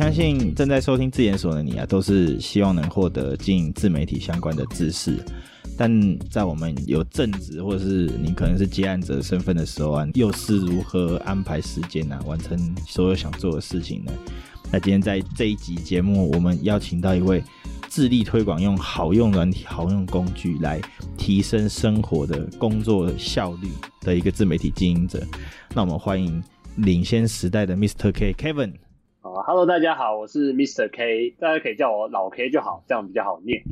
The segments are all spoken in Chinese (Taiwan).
相信正在收聽自研所的你啊，都是希望能獲得經營自媒體相關的知識。但在我們有正職或者是你可能是接案者身份的時候啊，又是如何安排時間啊，完成所有想做的事情呢？那今天在這一集節目，我們邀請到一位致力推廣用好用軟體、好用工具來提升生活的工作效率的一個自媒體經營者。那我們歡迎領先時代的 Mr. K Kevin。哈嘍，大家好，我是 Mr. K，大家可以叫我老 K 就好，這樣比較好念。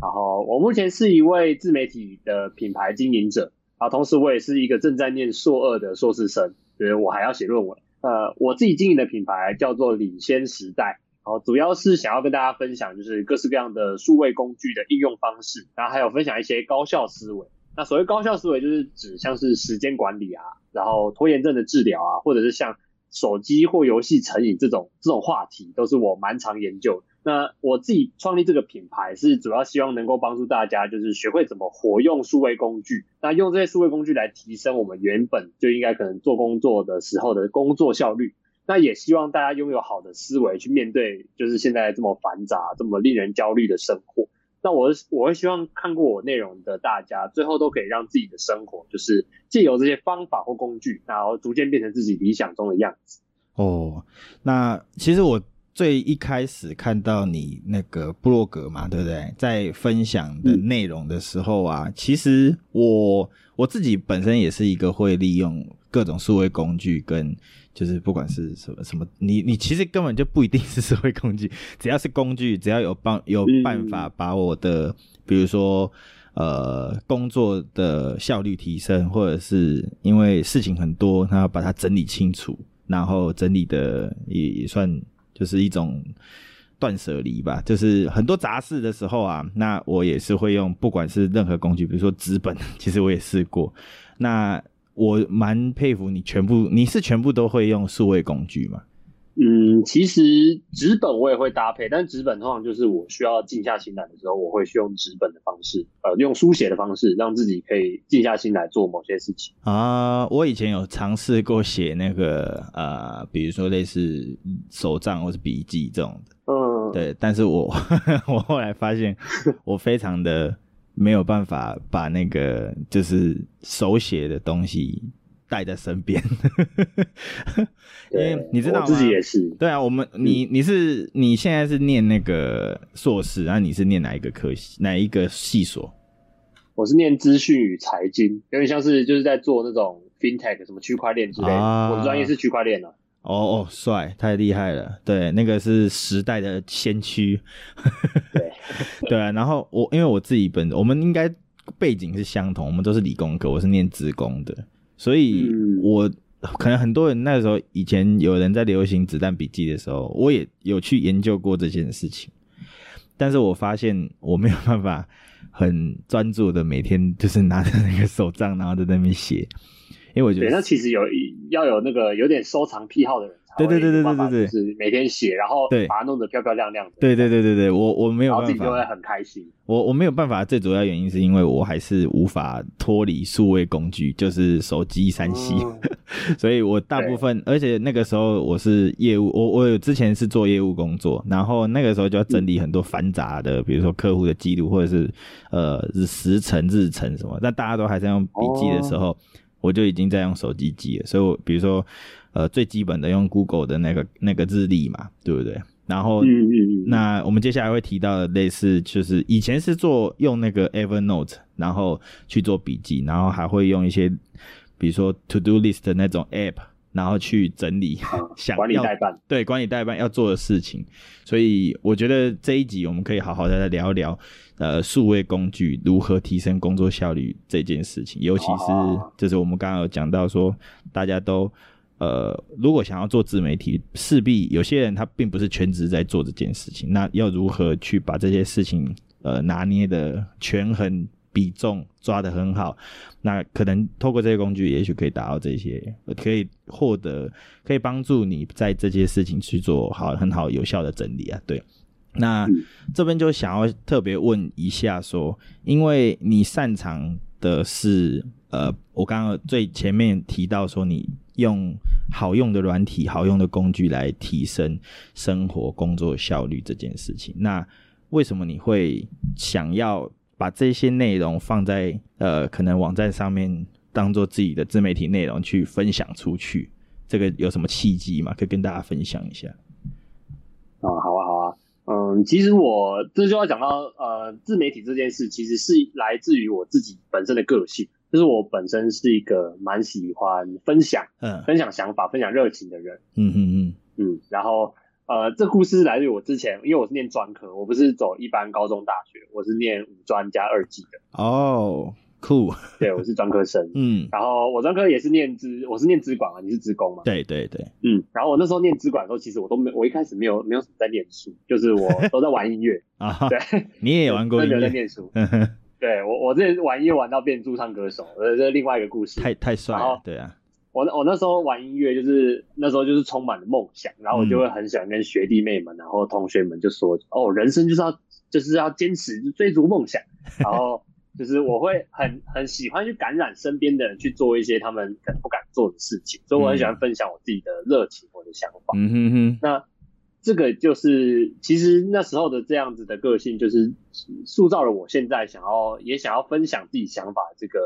然後我目前是一位自媒體的品牌經營者，啊，同時我也是一個正在念碩二的碩士生，所以我還要寫論文。呃，我自己經營的品牌叫做領先時代，然後主要是想要跟大家分享，就是各式各樣的數位工具的應用方式，然後還有分享一些高效思維。那所謂高效思維，就是指像是時間管理啊，然後拖延症的治療啊，或者是像。手機或遊戲成癮這種這種話題都是我蠻常研究的。那我自己創立這個品牌，是主要希望能夠幫助大家，就是學會怎麼活用數位工具，那用這些數位工具來提升我們原本就應該可能做工作的時候的工作效率。那也希望大家擁有好的思維去面對，就是現在這麼繁雜、這麼令人焦慮的生活。那我我會希望看過我內容的大家，最後都可以讓自己的生活，就是借由這些方法或工具，然後逐漸變成自己理想中的樣子。哦，那其實我最一開始看到你那個部落格嘛，對不對？在分享的內容的時候啊，嗯、其實我我自己本身也是一個會利用各種數位工具跟。就是不管是什麼什麼，你你其實根本就不一定是社會工具，只要是工具，只要有幫有辦法把我的，比如說呃工作的效率提升，或者是因為事情很多，那把它整理清楚，然後整理的也也算就是一種斷捨離吧。就是很多雜事的時候啊，那我也是會用，不管是任何工具，比如說紙本，其實我也試過，那。我蠻佩服你全部，你是全部都會用數位工具嗎？嗯，其實紙本我也會搭配，但紙本通常就是我需要靜下心來的時候，我會去用紙本的方式，呃，用書寫的方式，讓自己可以靜下心來做某些事情啊、呃。我以前有嘗試過寫那個呃，比如說類似手賬或是筆記這種的，嗯，對，但是我呵呵我後來發現我非常的。 沒有辦法把那個就是手寫的東西帶在身邊， 對因為你知道我自己也是對啊。我們你、嗯、你是你現在是念那個碩士啊？你是念哪一個科系哪一個系所？我是念資訊與財經，有點像是就是在做那種 fintech 什麼區塊鏈之類的。啊、我的專業是區塊鏈呢、啊。哦哦，帥，太厲害了！對，那個是時代的先驅。 對 對啊，然後我因為我自己本我們應該背景是相同，我們都是理工科，我是念資工的，所以我、嗯、可能很多人那個時候以前有人在流行子彈筆記的時候，我也有去研究過這件事情，但是我發現我沒有辦法很專注的每天就是拿着那個手帳然後在那邊寫，因為我覺得對那其實有要有那個有點收藏癖好的人。對對對對對對對，每天寫，然後對，把它弄得漂漂亮亮的。對，對對對對對，我我沒有辦法就會很開心。我我沒有辦法，最主要原因是因為我還是無法脫離數位工具，就是手機三 C、哦。所以，我大部分對而且那個時候我是業務，我我有之前是做業務工作，然後那個時候就要整理很多繁雜的，嗯、比如說客戶的記錄或者是呃時程、日程什麼。但大家都還在用筆記的時候，哦、我就已經在用手機記了。所以我，我比如說。呃，最基本的用 Google 的那個那個日曆嘛，對不對？然後，嗯嗯、那我們接下來會提到的類似，就是以前是做用那個 Evernote，然後去做筆記，然後還會用一些，比如說 To Do List 的那種 App，然後去整理、嗯、想要管理代辦，對，管理代辦要做的事情。所以，我覺得這一集我們可以好好的來聊一聊，呃，數位工具如何提升工作效率這件事情，尤其是就是我們剛剛有講到說大家都。呃，如果想要做自媒體，勢必有些人他並不是全職在做這件事情。那要如何去把這些事情呃拿捏的權衡比重抓得很好？那可能透過這些工具，也許可以達到這些，可以獲得，可以幫助你在這些事情去做好很好有效的整理啊。對，那這邊就想要特別問一下說，說因為你擅長的是呃，我剛剛最前面提到說你。用好用的軟體、好用的工具來提升生活工作效率這件事情，那為什麼你會想要把這些內容放在呃可能網站上面，當做自己的自媒體內容去分享出去？這個有什麼契機嗎？可以跟大家分享一下？啊，好啊，好啊，嗯，其實我這就要講到呃自媒體這件事其實是來自於我自己本身的個性。就是我本身是一個蠻喜歡分享，嗯哼哼，分享想法、分享熱情的人，嗯嗯嗯嗯。然後，呃，這故事是來自於我之前，因為我是念專科，我不是走一般高中大學，我是念五專加二技的。哦，酷，對，我是專科生，嗯。然後我專科也是念資，我是念資管啊，你是資工嘛？對對對，嗯。然後我那時候念資管的時候，其實我都沒，我一開始沒有沒有什麼在念書，就是我都在玩音樂啊。 對，你也玩過音樂？在念書。 對我，我這玩音樂玩到變駐唱歌手，這是、個、另外一個故事。太太帥了，然後對啊，我我那時候玩音樂就是那時候就是充滿了夢想，然後我就會很喜歡跟學弟妹們，然後同學們就說，嗯、哦，人生就是要就是要堅持追逐夢想，然後就是我會很很喜歡去感染身邊的人去做一些他們可能不敢做的事情，所以我很喜歡分享我自己的熱情，我的想法。嗯哼哼，那。這個就是其實那時候的這樣子的個性，就是塑造了我現在想要也想要分享自己想法這個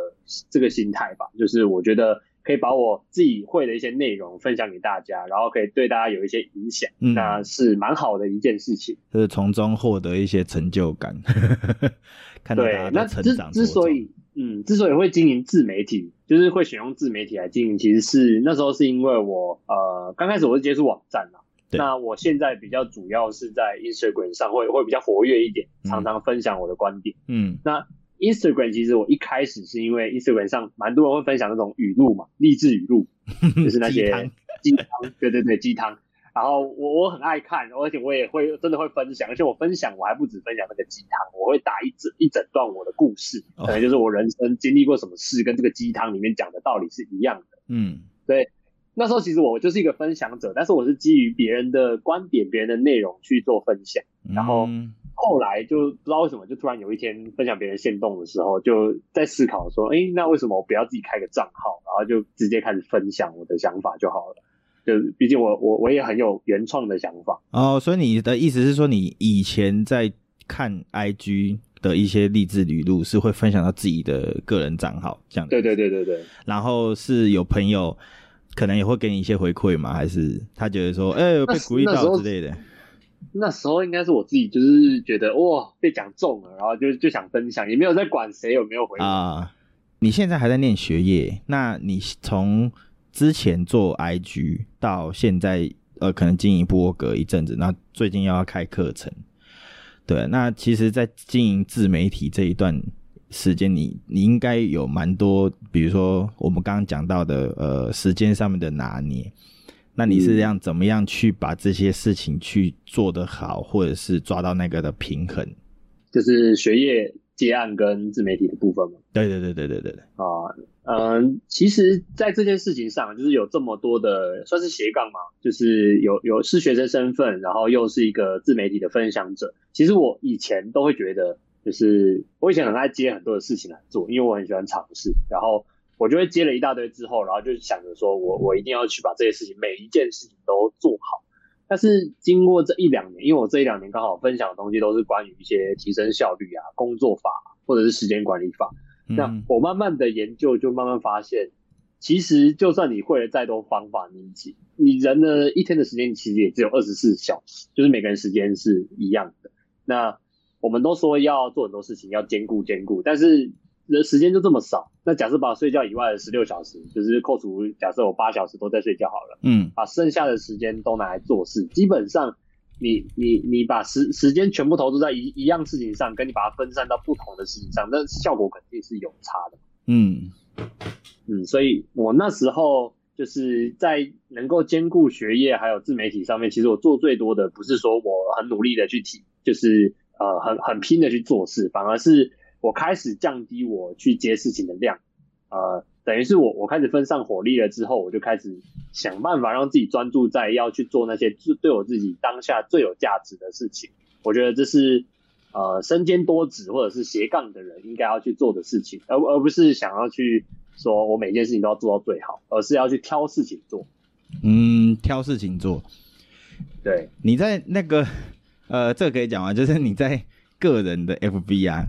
這個心態吧。就是我覺得可以把我自己會的一些內容分享給大家，然後可以對大家有一些影響，嗯、那是蠻好的一件事情，就是從中獲得一些成就感。 看到大家都。對，成長那之之所以嗯，之所以會經營自媒體，就是會選用自媒體來經營，其實是那時候是因為我呃，剛開始我是接觸網站嘛那我現在比較主要是在 Instagram 上會會比較活躍一點，嗯、常常分享我的觀點。嗯，那 Instagram 其實我一開始是因為 Instagram 上蠻多人會分享那種語錄嘛，勵志語錄，就是那些雞湯，對對對，雞湯。然後我我很愛看，而且我也會真的會分享，而且我分享我還不止分享那個雞湯，我會打一整一整段我的故事，可能就是我人生經歷過什麼事，跟這個雞湯裡面講的道理是一樣的。嗯，對。那時候其實我就是一個分享者，但是我是基於別人的觀點、別人的內容去做分享。然後後來就不知道為什麼，就突然有一天分享別人限動的時候，就在思考說：“哎、欸，那為什麼我不要自己開個賬號，然後就直接開始分享我的想法就好了？”就畢竟我我我也很有原創的想法。哦，所以你的意思是說，你以前在看 IG 的一些勵志語錄，是會分享到自己的個人賬號這樣？對對對對對。然後是有朋友。可能也會給你一些回饋嘛？還是他覺得說，哎、欸，被鼓勵到之類的？那時，那時候應該是我自己，就是覺得哇，被講中了，然後就就想分享，也沒有在管誰有沒有回饋啊、呃。你現在還在念學業，那你從之前做 IG 到現在，呃，可能經營部落格一陣子，那最近又要開課程。對，那其實，在經營自媒體這一段。時間，你你應該有蠻多，比如說我們剛剛講到的，呃，時間上面的拿捏，那你是這樣怎麼樣去把這些事情去做得好，或者是抓到那個的平衡？就是學業接案跟自媒體的部分嘛？對對對對對對對。啊，嗯、呃，其實，在這件事情上，就是有這麼多的算是斜槓嘛，就是有有是學生身份，然後又是一個自媒體的分享者。其實我以前都會覺得。就是我以前很愛接很多的事情來做，因為我很喜歡嘗試。然後我就會接了一大堆之後，然後就想着說我我一定要去把這些事情每一件事情都做好。但是經過這一兩年，因為我這一兩年剛好分享的東西都是關於一些提升效率啊、工作法啊、或者是時間管理法。嗯、那我慢慢的研究，就慢慢發現，其實就算你會了再多方法，你你人的一天的時間其實也只有二十四小時，就是每個人時間是一樣的。那我們都說要做很多事情，要兼顧兼顧，但是人時間就這麼少。那假設把睡覺以外的十六小時，就是扣除，假設我八小時都在睡覺好了，嗯，把剩下的時間都拿來做事。基本上你，你你你把時時間全部投注在一一樣事情上，跟你把它分散到不同的事情上，那效果肯定是有差的。嗯嗯，所以我那時候就是在能夠兼顧學業還有自媒體上面，其實我做最多的不是說我很努力的去提，就是。呃，很很拼的去做事，反而是我開始降低我去接事情的量，呃，等於是我我開始分散火力了之後，我就開始想辦法讓自己專注在要去做那些對我自己當下最有價值的事情。我覺得這是呃身兼多職或者是斜槓的人應該要去做的事情，而而不是想要去說我每件事情都要做到最好，而是要去挑事情做。嗯，挑事情做。對，你在那個。呃，這個可以講啊，就是你在個人的 FB 啊，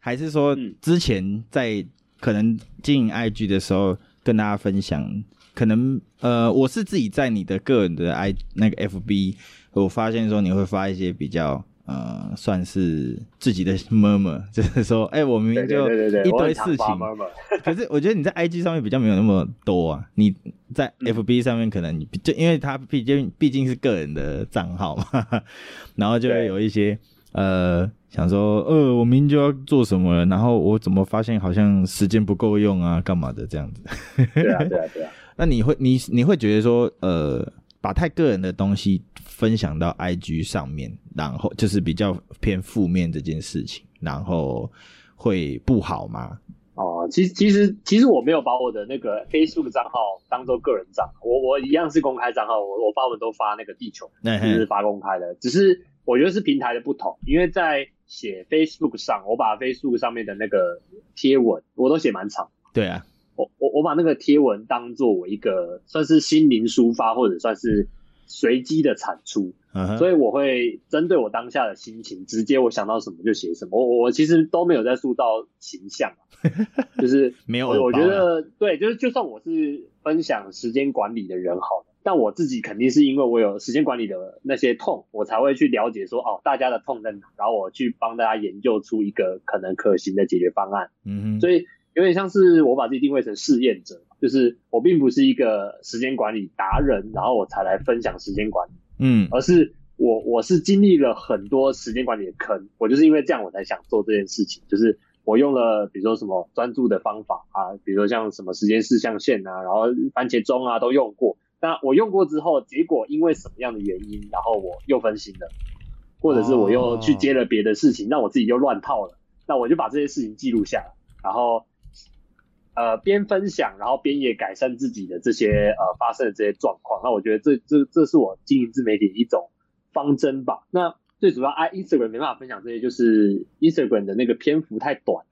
還是說之前在可能經營 IG 的時候，跟大家分享，可能呃，我是自己在你的個人的 I 那個 FB，我發現說你會發一些比較。呃，算是自己的 murmur，就是說，哎、欸，我明明就一堆事情，對對對對，可是我覺得你在 I G 上面比較沒有那麼多啊， 你在 F B 上面可能你就因為他畢竟畢竟是個人的賬號嘛，然後就會有一些對呃想說，呃，我明明就要做什麼了，然後我怎麼發現好像時間不夠用啊，幹嘛的這樣子？對啊，對啊，對啊。那、啊、你會，你你會覺得說，呃。把太個人的東西分享到 IG 上面，然後就是比較偏負面這件事情，然後會不好嗎？哦，其實其實其實我沒有把我的那個 Facebook 賬號當作個人賬，我我一樣是公開賬號，我我發文都發那個地球，就是發公開的。 只是我覺得是平台的不同，因為在寫 Facebook 上，我把 Facebook 上面的那個貼文我都寫蠻長。對啊。我我我把那個貼文當作我一個算是心靈抒發或者算是隨機的產出，嗯哼，所以我會針對我當下的心情，直接我想到什麼就寫什麼。我我其實都沒有在塑造形象， 就是沒有。我覺得有有對，就是就算我是分享時間管理的人好了，但我自己肯定是因為我有時間管理的那些痛，我才會去了解說哦，大家的痛在哪，然後我去幫大家研究出一個可能可行的解決方案。嗯哼，所以。有點像是我把自己定位成試驗者，就是我並不是一個時間管理達人，然後我才來分享時間管理，嗯，而是我我是經歷了很多時間管理的坑，我就是因為這樣我才想做這件事情，就是我用了比如說什麼專注的方法啊，比如說像什麼時間四象限吶，然後番茄鐘啊都用過，那我用過之後，結果因為什麼樣的原因，然後我又分心了，或者是我又去接了別的事情，那、哦、我自己就亂套了，那我就把這些事情記錄下，然後。呃，邊分享，然後邊也改善自己的這些呃發生的這些狀況。那我覺得這這這是我經營自媒體的一種方針吧。那最主要啊，Instagram 沒辦法分享這些，就是 Instagram 的那個篇幅太短。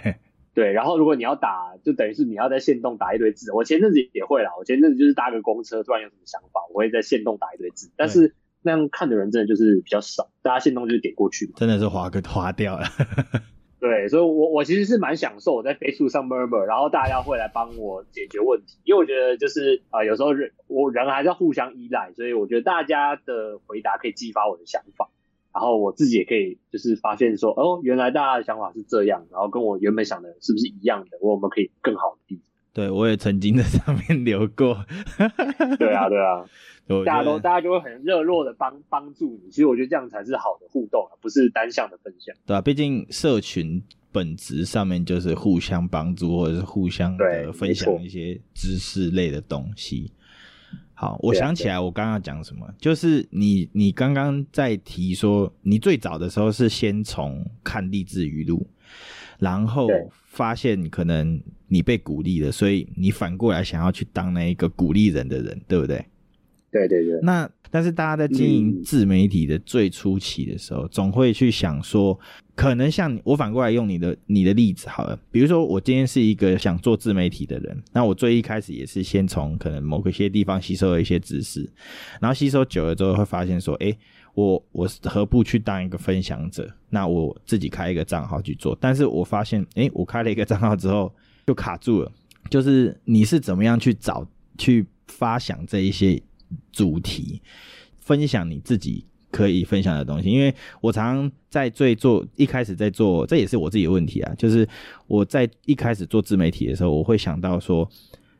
對，然後如果你要打，就等於是你要在限動打一堆字。我前陣子也會啦，我前陣子就是搭個公車，突然有什麼想法，我會在限動打一堆字。但是那樣看的人真的就是比較少，大家限動就是點過去，真的是滑個，滑掉了。 對，所以我，我我其實是蠻享受我在 Facebook 上 murmur，然後大家會來幫我解決問題，因為我覺得就是啊、呃，有時候人我人還是要互相依賴，所以我覺得大家的回答可以激發我的想法，然後我自己也可以就是發現說，哦，原來大家的想法是這樣，然後跟我原本想的是不是一樣的，我們可以更好的地方。對，我也曾經在上面留過。 對啊，對啊，對，大家都大家就會很熱絡的幫幫助你。其實我覺得這樣才是好的互動，而不是單向的分享，對啊，畢竟社群本質上面就是互相幫助，或者是互相的分享一些知識類的東西。好，我想起來，我剛剛講什麼？啊，就是你你剛剛在提說，你最早的時候是先從看勵志語錄，然後發現可能。你被鼓勵了，所以你反過來想要去當那一個鼓勵人的人，對不對？對對對。那但是大家在經營自媒體的最初期的時候，你總會去想說，可能像你，我反過來用你的你的例子好了，比如說我今天是一個想做自媒體的人，那我最一開始也是先從可能某一些地方吸收了一些知識，然後吸收久了之後會發現說，誒，我我何不去當一個分享者？那我自己開一個賬號去做。但是我發現，誒，我開了一個賬號之後。就卡住了，就是你是怎麼樣去找，去發想這一些主題，分享你自己可以分享的東西。因為我常在最做一開始在做，這也是我自己的問題啊。就是我在一開始做自媒體的時候，我會想到說，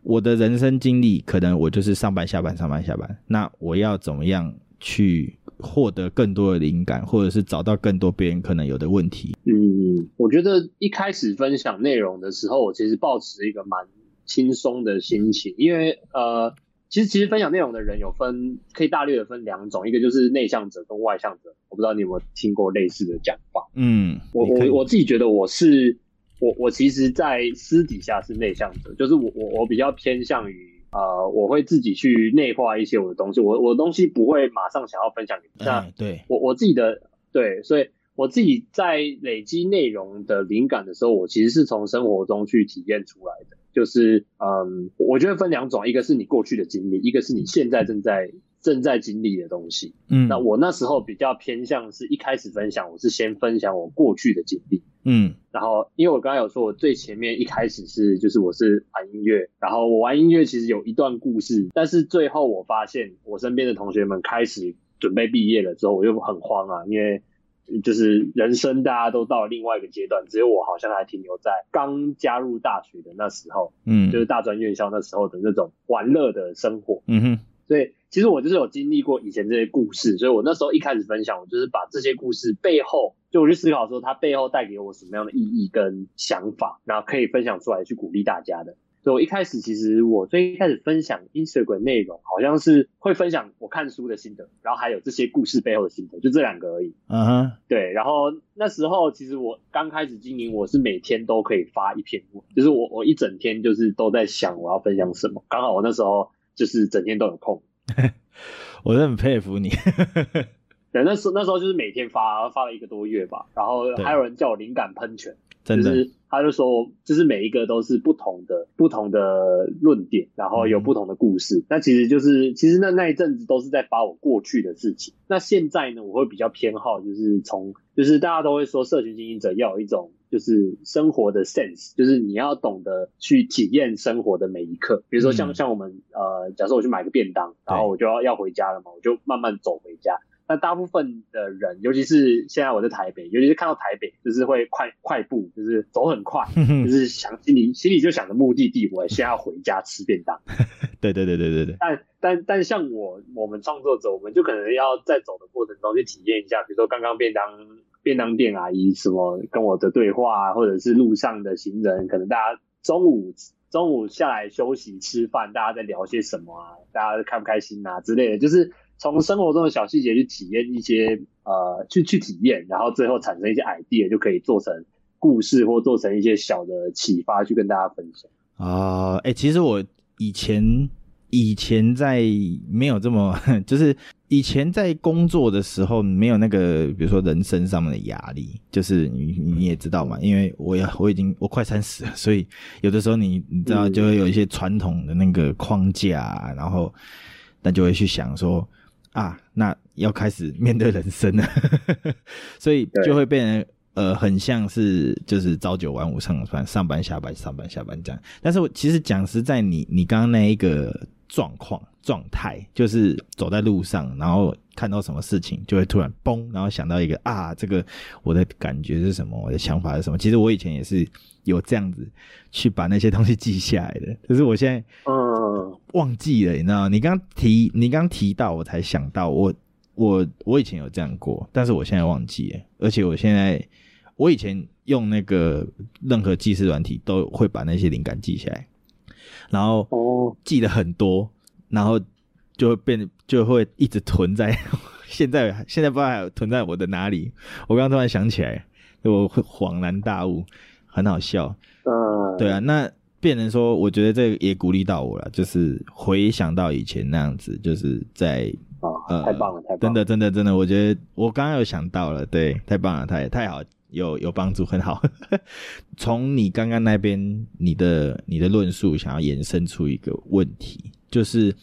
我的人生經歷可能我就是上班下班、上班下班，那我要怎麼樣去？獲得更多的靈感，或者是找到更多別人可能有的問題。嗯，我覺得一開始分享內容的時候，我其實抱持一個蠻輕鬆的心情，因為呃，其實其實分享內容的人有分，可以大略的分兩種，一個就是內向者跟外向者。我不知道你有沒有聽過類似的講法？嗯，我我我自己覺得我是，我我其實，在私底下是內向者，就是我我我比較偏向於。啊、呃，我會自己去內化一些我的東西，我我的東西不會馬上想要分享給你們。嗯、對那對我我自己的對，所以我自己在累積內容的靈感的時候，我其實是從生活中去體驗出來的。就是嗯，我覺得分兩種，一個是你過去的經歷，一個是你現在正在、嗯、正在經歷的東西。嗯，那我那時候比較偏向是一開始分享，我是先分享我過去的經歷。嗯，然後因為我剛才有說，我最前面一開始是就是我是玩音樂，然後我玩音樂其實有一段故事，但是最後我發現我身邊的同學們開始準備畢業了之後，我又很慌啊，因為就是人生大家都到了另外一個階段，只有我好像還停留在剛加入大學的那時候，嗯，就是大專院校那時候的那種玩樂的生活，嗯哼，所以。其實我就是有經歷過以前這些故事，所以我那時候一開始分享，我就是把這些故事背後，就我去思考說它背後帶給我什麼樣的意義跟想法，然後可以分享出來去鼓勵大家的。所以我一開始其實我最開始分享 Instagram 內容，好像是會分享我看書的心得，然後還有這些故事背後的心得，就這兩個而已。嗯、uh huh. 對。然後那時候其實我剛開始經營，我是每天都可以發一篇，就是我我一整天就是都在想我要分享什麼，剛好我那時候就是整天都有空。 我真的很佩服你 。對，那時候那時候就是每天發發了一個多月吧，然後還有人叫我“靈感噴泉”，對就是、真的。他就說，就是每一個都是不同的不同的論點，然後有不同的故事。嗯、那其實就是其實那那一陣子都是在發我過去的事情。那現在呢，我會比較偏好就是從就是大家都會說，社群經營者要有一種。就是生活的 sense，就是你要懂得去體驗生活的每一刻。比如說像、嗯、像我們呃，假設我去買個便當，然後我就要對要回家了嘛，我就慢慢走回家。那大部分的人，尤其是現在我在台北，尤其是看到台北，就是會快快步，就是走很快，就是想心裡 心裡就想着目的地，我先要回家吃便當。 對對對對對對。但但但像我我們創作者，我們就可能要在走的過程中去體驗一下，比如說剛剛便當。便當店阿姨什麼跟我的對話、啊，或者是路上的行人，可能大家中午中午下來休息吃飯，大家在聊些什麼啊？大家開不開心啊之類的，就是從生活中的小細節去體驗一些呃，去去體驗，然後最後產生一些 idea，就可以做成故事或做成一些小的啟發去跟大家分享啊。誒、呃欸、其實我以前以前在沒有這麼就是。以前在工作的時候，沒有那個，比如說人生上面的壓力，就是你你也知道嘛，因為我要我已經我快三十了，所以有的時候你你知道就會有一些傳統的那個框架，嗯、然後那就會去想說啊，那要開始面對人生了， 所以就會變成對呃，很像是就是朝九晚五上班上班下班上班下班這樣。但是我其實講實在你，你你剛剛那一個狀況。狀態就是走在路上，然後看到什麼事情就會突然嘣，然後想到一個啊，這個我的感覺是什麼，我的想法是什麼。其實我以前也是有這樣子去把那些東西記下來的，就是我現在嗯忘記了，你知道你剛提，你剛提到我才想到我，我我我以前有這樣過，但是我現在忘記了，而且我現在我以前用那個任何記事軟體都會把那些靈感記下來，然後哦記得很多。然後就會變，就會一直囤在現在，現在不知道還有囤在我的哪裡。我剛剛突然想起來，我會恍然大悟，很好笑。嗯，對啊，那變成說，我覺得這個也鼓勵到我了，就是回想到以前那樣子，就是在、哦呃、太棒了，太棒，真的，真的，真的，我覺得我剛剛有想到了，對，太棒了，太太好，有有幫助，很好。 從你剛剛那邊，你的你的論述，想要延伸出一個問題。就是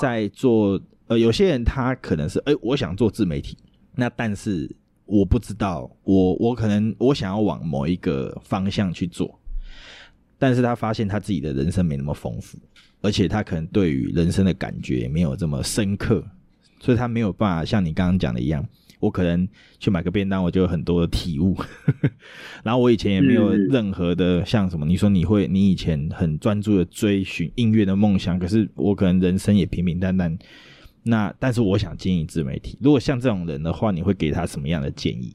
在做呃，有些人他可能是哎、欸，我想做自媒體，那但是我不知道，我我可能我想要往某一個方向去做，但是他發現他自己的人生沒那麼豐富，而且他可能對於人生的感覺也沒有這麼深刻，所以他沒有辦法像你剛剛講的一樣。我可能去買個便當，我就有很多的體悟。 然後我以前也沒有任何的像什麼，你說你會，你以前很專注的追尋音樂的夢想，可是我可能人生也平平淡淡。那但是我想經營自媒體，如果像這種人的話，你會給他什麼樣的建議？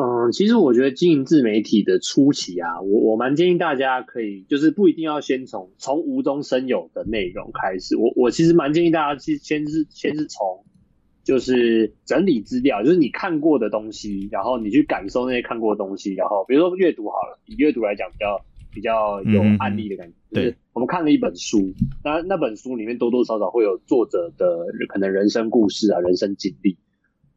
嗯，其實我覺得經營自媒體的初期啊，我我蠻建議大家可以，就是不一定要先從從無中生有的內容開始。我我其實蠻建議大家先是先是從。就是整理資料，就是你看過的東西，然後你去感受那些看過的東西，然後比如說閱讀好了，以閱讀來講比較比較有案例的感覺。對、嗯，我們看了一本書，那對那本書裡面多多少少會有作者的可能人生故事啊，人生經歷。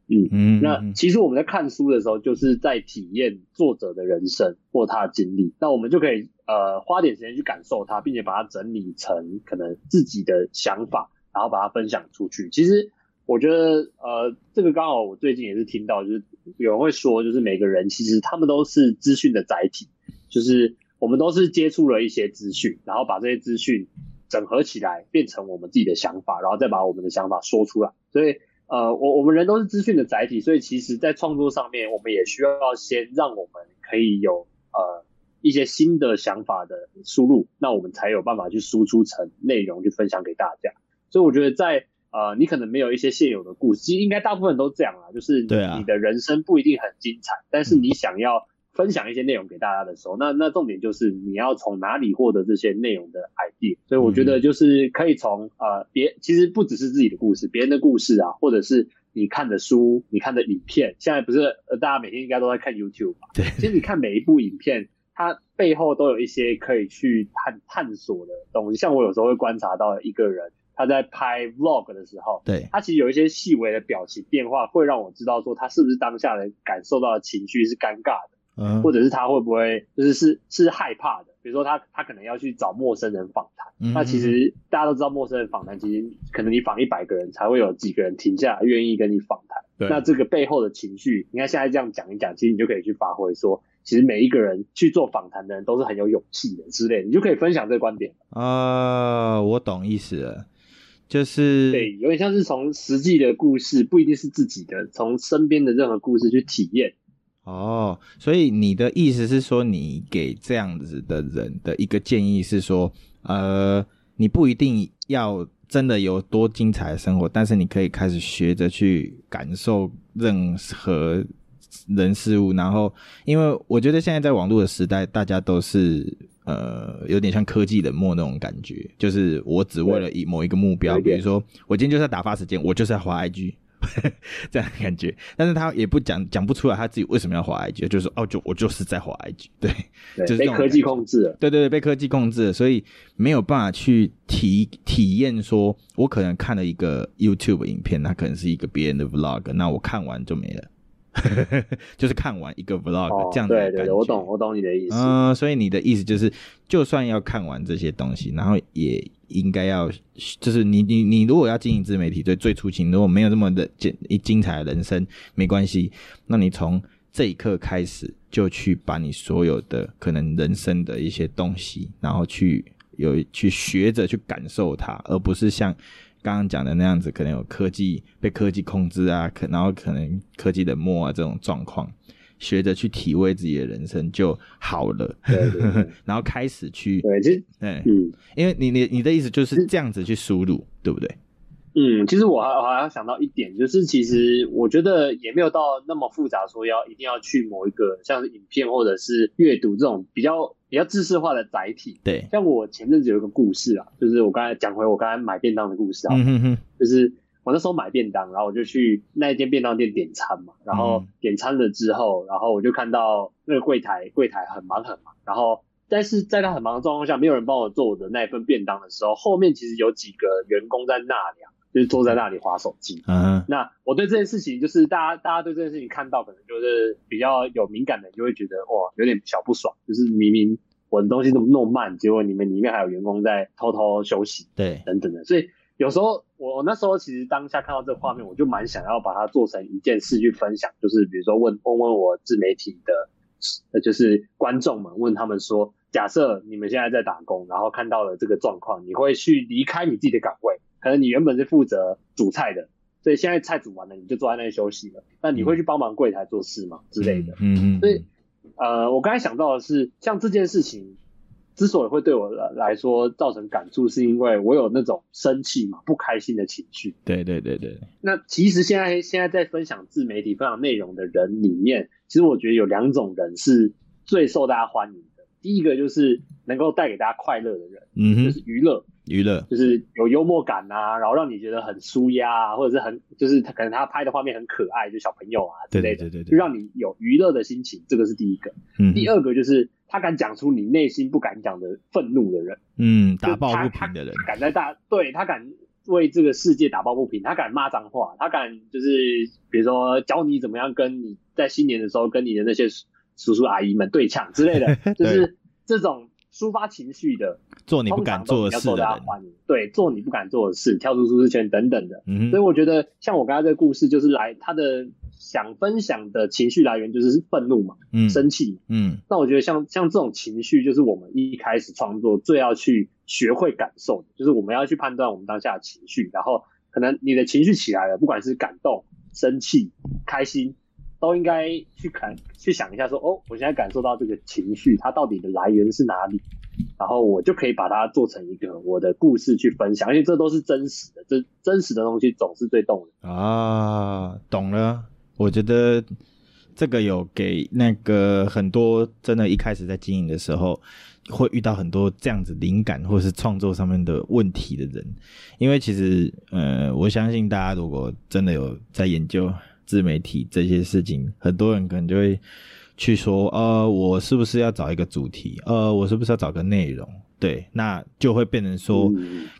嗯嗯，那其實我們在看書的時候，就是在體驗作者的人生或他的經歷，那我們就可以呃花點時間去感受它，並且把它整理成可能自己的想法，然後把它分享出去。其實。我覺得呃，這個剛好我最近也是聽到，就是有人會說，就是每個人其實他們都是資訊的載體，就是我們都是接觸了一些資訊，然後把這些資訊整合起來，變成我們自己的想法，然後再把我們的想法說出來。所以呃，我我們人都是資訊的載體，所以其實在創作上面，我們也需要先讓我們可以有呃一些新的想法的輸入，那我們才有辦法去輸出成內容去分享給大家。所以我覺得在。呃，你可能沒有一些現有的故事，應該大部分都這樣啦、啊，就是你，對啊、你的人生不一定很精彩，但是你想要分享一些內容給大家的時候，那那重點就是你要從哪裡獲得這些內容的 idea。所以我覺得就是可以從呃別，其實不只是自己的故事，別人的故事啊，或者是你看的書、你看的影片，現在不是呃大家每天應該都在看 YouTube 嘛？對，其實你看每一部影片，它背後都有一些可以去探探索的東西。像我有時候會觀察到一個人。他在拍 vlog 的時候，對，他其實有一些細微的表情變化，會讓我知道說他是不是當下人感受到的情緒是尷尬的，嗯、或者是他會不會就是是是害怕的。比如說他他可能要去找陌生人訪談，嗯、哼那其實大家都知道，陌生人訪談其實可能你訪一百個人才會有幾個人停下來願意跟你訪談。對那這個背後的情緒，你看現在這樣講一講，其實你就可以去發揮說，其實每一個人去做訪談的人都是很有勇氣的之類的，你就可以分享這個觀點。啊、呃，我懂意思了。就是對，有點像是從實際的故事，不一定是自己的，從身邊的任何故事去體驗。哦，所以你的意思是說，你給這樣子的人的一個建議是說，呃，你不一定要真的有多精彩的生活，但是你可以開始學着去感受任何人事物。然後，因為我覺得現在在網路的時代，大家都是。呃，有點像科技冷漠那種感覺，就是我只為了以某一個目標，對對對，比如說我今天就是要打發時間，我就是要滑 IG， 這樣的感覺。但是他也不講，講不出來他自己為什麼要滑 IG，就是說哦，就我就是在滑 IG，對，對，就是這種，被科技控制了，對對對，被科技控制了，所以沒有辦法去體體驗，說我可能看了一個 YouTube 影片，它可能是一個別人的 Vlog，那我看完就沒了。 就是看完一個 vlog、oh, 這樣子對，對，我懂，我懂你的意思。嗯，uh, 所以你的意思就是，就算要看完這些東西，然後也應該要，就是你你你如果要經營自媒體，對，最最初期如果沒有這麼的精精彩的人生，沒關係。那你從這一刻開始，就去把你所有的可能人生的一些東西，然後去有去學着去感受它，而不是像。剛剛講的那樣子，可能有科技被科技控制啊，可然後可能科技冷漠啊這種狀況，學着去體味自己的人生就好了。對對對，然後開始去對，其實對嗯，因為你你你的意思就是這樣子去輸入，嗯、對不對？嗯，其實我還我還要想到一點，就是其實我覺得也沒有到那麼複雜，說要一定要去某一個像是影片或者是閱讀這種比較。比較知識化的載體，對，像我前陣子有一個故事啊，就是我剛才講回我剛才買便當的故事啊，嗯、哼哼，就是我那時候買便當，然後我就去那間便當店點餐嘛，然後點餐了之後，然後我就看到那個櫃檯櫃檯很忙很忙，然後但是在他很忙的狀況下，沒有人幫我做我的那一份便當的時候，後面其實有幾個員工在納涼。就是坐在那裡劃手機。嗯、uh-huh. 那我對這件事情，就是大家大家對這件事情看到，可能就是比較有敏感的，就會覺得哇，有點小不爽。就是明明我的東西那麼那麼慢，結果你們裡面還有員工在偷偷休息，對，等等的。對所以有時候我那時候其實當下看到這畫面，我就蠻想要把它做成一件事去分享。就是比如說問問問我自媒體的就是觀眾們問他們說，假設你們現在在打工，然後看到了這個狀況，你會去離開你自己的崗位？可能你原本是負責煮菜的，所以現在菜煮完了，你就坐在那裡休息了。那你會去幫忙櫃台做事嗎？嗯、之類的。嗯嗯。嗯，所以，呃，我剛才想到的是，像這件事情之所以會對我來說造成感觸，是因為我有那種生氣嘛、不開心的情緒。對對對對。那其實現在現在在分享自媒體、分享內容的人裡面，其實我覺得有兩種人是最受大家歡迎的。第一個就是能夠帶給大家快樂的人，嗯哼，就是娛樂，娛樂就是有幽默感吶，然後讓你覺得很舒壓啊，或者是很就是他可能他拍的畫面很可愛，就小朋友啊之類的，對對對對，就讓你有娛樂的心情，這個是第一個。嗯哼，第二個就是他敢講出你內心不敢講的憤怒的人，嗯，打抱不平的人，他他敢在大對他敢為這個世界打抱不平，他敢罵髒話，他敢就是比如說教你怎麼樣跟你在新年的時候跟你的那些。叔叔阿姨們對唱之類的， 對就是這種抒發情緒的，做你不敢做的事的人做，對，做你不敢做的事，跳出舒適圈等等的。嗯、哼所以我覺得，像我剛才這個故事，就是來他的想分享的情緒來源就是憤怒嘛，嗯，生氣氣，嗯。那我覺得像像這種情緒，就是我們一開始創作最要去學會感受的，就是我們要去判斷我們當下的情緒，然後可能你的情緒起來了，不管是感動、生氣、開心。都應該去看，去想一下說，說哦，我現在感受到這個情緒，它到底的來源是哪裡，然後我就可以把它做成一個我的故事去分享，因為這都是真實的，這真實的東西總是最動人的啊。懂了，我覺得這個有給那個很多真的，一開始在經營的時候會遇到很多這樣子靈感或是創作上面的問題的人，因為其實呃，我相信大家如果真的有在研究。自媒體這些事情，很多人可能就會去說：“呃，我是不是要找一個主題？呃，我是不是要找個內容？”對，那就會變成說，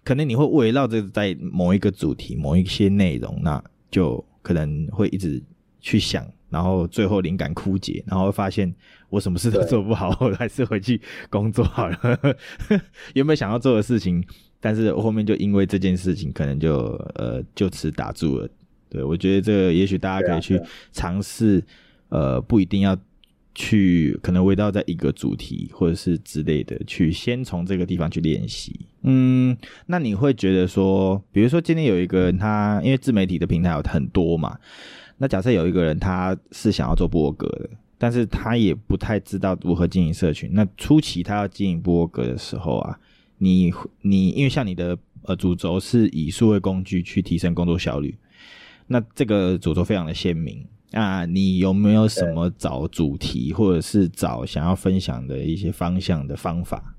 可能你會圍繞着在某一個主題、某一些內容，那就可能會一直去想，然後最後靈感枯竭，然後發現我什麼事都做不好，對我還是回去工作好了， 原本想要做的事情，但是我後面就因為這件事情，可能就呃就此打住了。對，我覺得這個也許大家可以去嘗試，啊啊、呃，不一定要去可能圍繞在一個主題或者是之類的，去先從這個地方去練習。嗯，那你會覺得說，比如說今天有一個人他，他因為自媒體的平台有很多嘛，那假設有一個人他是想要做播客的，但是他也不太知道如何經營社群。那初期他要經營播客的時候啊，你你因為像你的呃主軸是以數位工具去提升工作效率。那這個主題非常的鮮明啊！你有沒有什麼找主題，或者是找想要分享的一些方向的方法？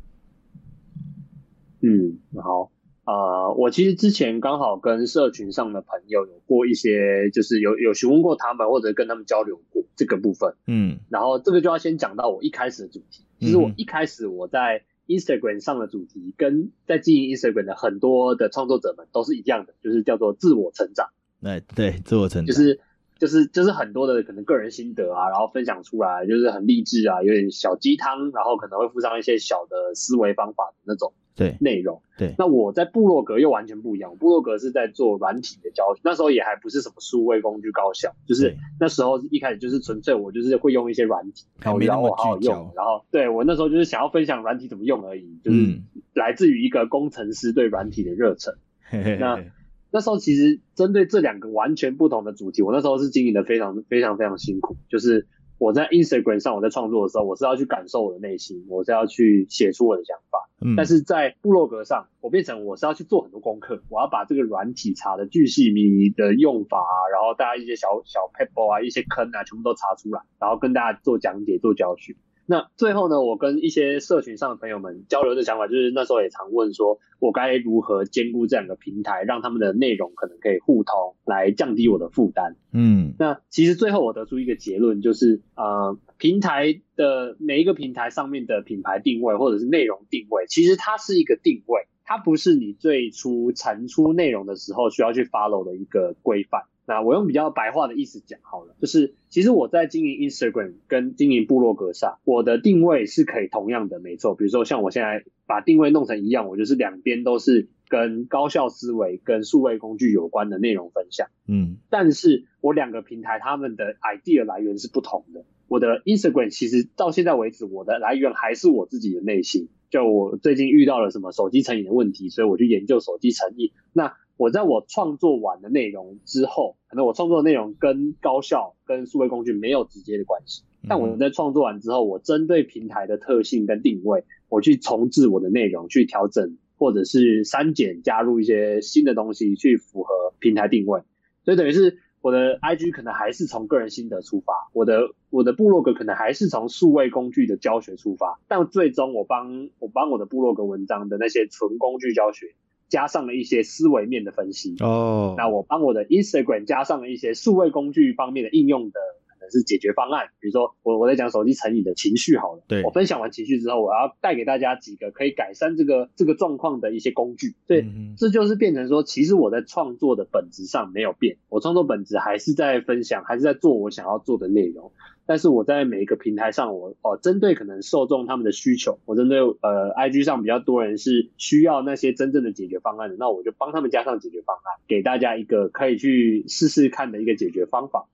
嗯，好啊、呃，我其實之前剛好跟社群上的朋友有過一些，就是有有詢問過他們，或者跟他們交流過這個部分。嗯，然後這個就要先講到我一開始的主題，就是我一開始我在 Instagram 上的主題，跟在經營 Instagram 的很多的創作者們都是一樣的，就是叫做自我成長。哎，right, 對，自我成長就是就是就是很多的可能個人心得啊，然後分享出來就是很勵志啊，有點小雞湯，然後可能會附上一些小的思維方法的那種對內容。對，對那我在部落格又完全不一樣，部落格是在做軟體的教學，那時候也還不是什麼數位工具高效，就是那時候一開始就是純粹我就是會用一些軟體，對然後我好好用，然後對我那時候就是想要分享軟體怎麼用而已，就是來自於一個工程師對軟體的熱忱。嗯、那。 那時候其實針對這兩個完全不同的主題，我那時候是經營的非常非常非常辛苦。就是我在 Instagram 上，我在創作的時候，我是要去感受我的內心，我是要去寫出我的想法。嗯、但是在部落格上，我變成我是要去做很多功課，我要把這個軟體查的巨細靡遺的用法、啊，然後大家一些小小撇步啊、一些坑啊，全部都查出來，然後跟大家做講解、做教學。那最後呢，我跟一些社群上的朋友們交流的想法，就是那時候也常問說，我該如何兼顧這兩個平台，讓他們的內容可能可以互通，來降低我的負擔。嗯，那其實最後我得出一個結論，就是呃，平台的每一個平台上面的品牌定位或者是內容定位，其實它是一個定位，它不是你最初產出內容的時候需要去 follow 的一個規範。那我用比較白話的意思講好了，就是其實我在經營 Instagram 跟經營部落格上，我的定位是可以同樣的，沒錯。比如說像我現在把定位弄成一樣，我就是兩邊都是跟高效思維跟數位工具有關的內容分享。嗯，但是我兩個平台他們的 idea 來源是不同的。我的 Instagram 其實到現在為止，我的來源還是我自己的內心。就我最近遇到了什麼手機成癮的問題，所以我去研究手機成癮。那我在我創作完的內容之後，可能我創作的內容跟高效跟數位工具沒有直接的關係，但我在創作完之後，我針對平台的特性跟定位，我去重置我的內容，去調整或者是刪減加入一些新的東西，去符合平台定位。所以等於是我的 IG 可能還是從個人心得出發，我的我的部落格可能還是從數位工具的教學出發，但最終我幫我幫我的部落格文章的那些純工具教學。加上了一些思維面的分析哦，Oh. 那我幫我的 Instagram 加上了一些數位工具方面的應用的，可能是解決方案，比如說我我在講手機成癮的情緒好了，對我分享完情緒之後，我要帶給大家幾個可以改善這個這個狀況的一些工具，所以這就是變成說，其實我在創作的本質上沒有變，我創作本質還是在分享，還是在做我想要做的內容。但是我在每一個平台上我，我哦針對可能受眾他們的需求，我針對呃，IG 上比較多人是需要那些真正的解決方案的，那我就幫他們加上解決方案，給大家一個可以去試試看的一個解決方法。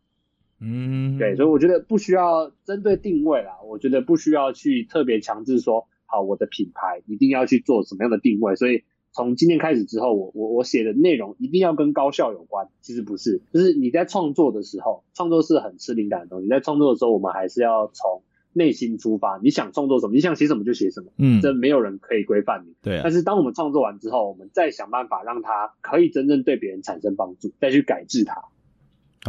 嗯，對，所以我覺得不需要針對定位啦，我覺得不需要去特別強制說，好，我的品牌一定要去做什麼樣的定位，所以，從今天開始之後，我我我寫的內容一定要跟高效有關。其實不是，就是你在創作的時候，創作是很吃靈感的東西。你在創作的時候，我們還是要從內心出發。你想創作什麼，你想寫什麼就寫什麼。嗯，這沒有人可以規範你。對啊。但是當我們創作完之後，我們再想辦法讓它可以真正對別人產生幫助，再去改制它。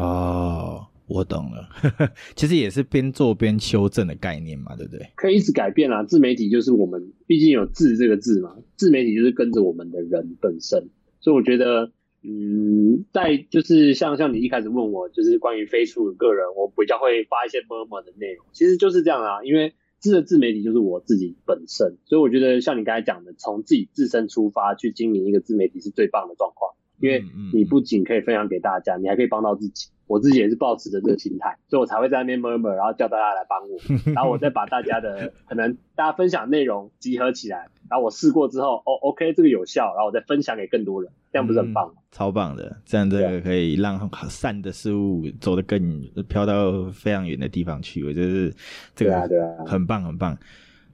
哦。我懂了，呵呵。其實也是邊做邊修正的概念嘛，對不對？可以一直改變啊。自媒體就是我們畢竟有“自”這個字嘛，自媒體就是跟着我們的人本身，所以我覺得，嗯，在就是像像你一開始問我，就是關於 Facebook 個人，我比較會發一些 memo 的內容，其實就是這樣啊。因為自的自媒體就是我自己本身，所以我覺得像你剛才講的，從自己自身出發去經營一個自媒體是最棒的狀況。因為你不僅可以分享給大家，嗯嗯、你還可以幫到自己。我自己也是抱持着這個心態，對所以我才會在那邊 murmur，然後叫大家來幫我，然後我再把大家的 可能大家分享內容集合起來，然後我試過之後，哦，OK，這個有效，然後我再分享給更多人，這樣不是很棒嗎？嗯、超棒的，這樣這個可以讓善的事物走得更對飄到非常遠的地方去，我覺得是這個很棒很棒。啊啊、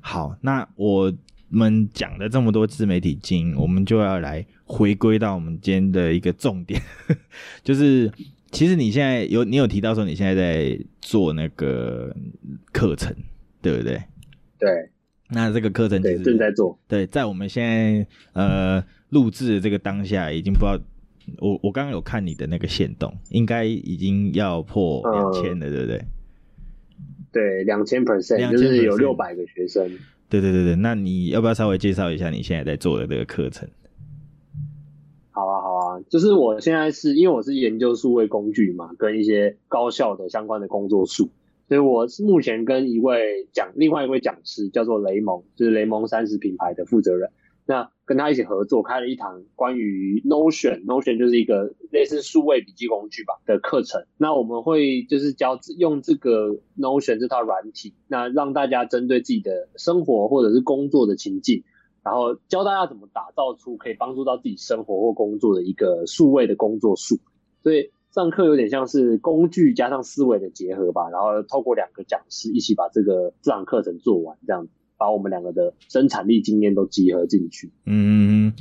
好，那我們講了這麼多自媒體經營，我們就要來回歸到我們今天的一個重點，呵呵就是，其實你現在有，你有提到說你現在在做那個課程，對不對？對，那這個課程其實正在做，對，在我們現在呃錄製的這個當下，已經不知道我我剛剛有看你的那個限動，應該已經要破兩千了，呃、對不對？對，兩千 percent 就是有六百個學生。對對對對，那你要不要稍微介紹一下你現在在做的這個課程？好啊好啊，就是我現在是因為我是研究數位工具嘛，跟一些高效的相關的工作術，所以我是目前跟一位講另外一位講師叫做雷蒙，就是雷蒙三十品牌的負責人。那跟他一起合作，開了一堂關於 Notion，Notion 就是一個類似數位筆記工具吧的課程。那我們會就是教用這個 Notion 這套軟體，那讓大家針對自己的生活或者是工作的情境，然後教大家怎麼打造出可以幫助到自己生活或工作的一個數位的工作術。所以上課有點像是工具加上思維的結合吧，然後透過兩個講師一起把這個這堂課程做完這樣子。把我們兩個的生產力經驗都集合進去。嗯，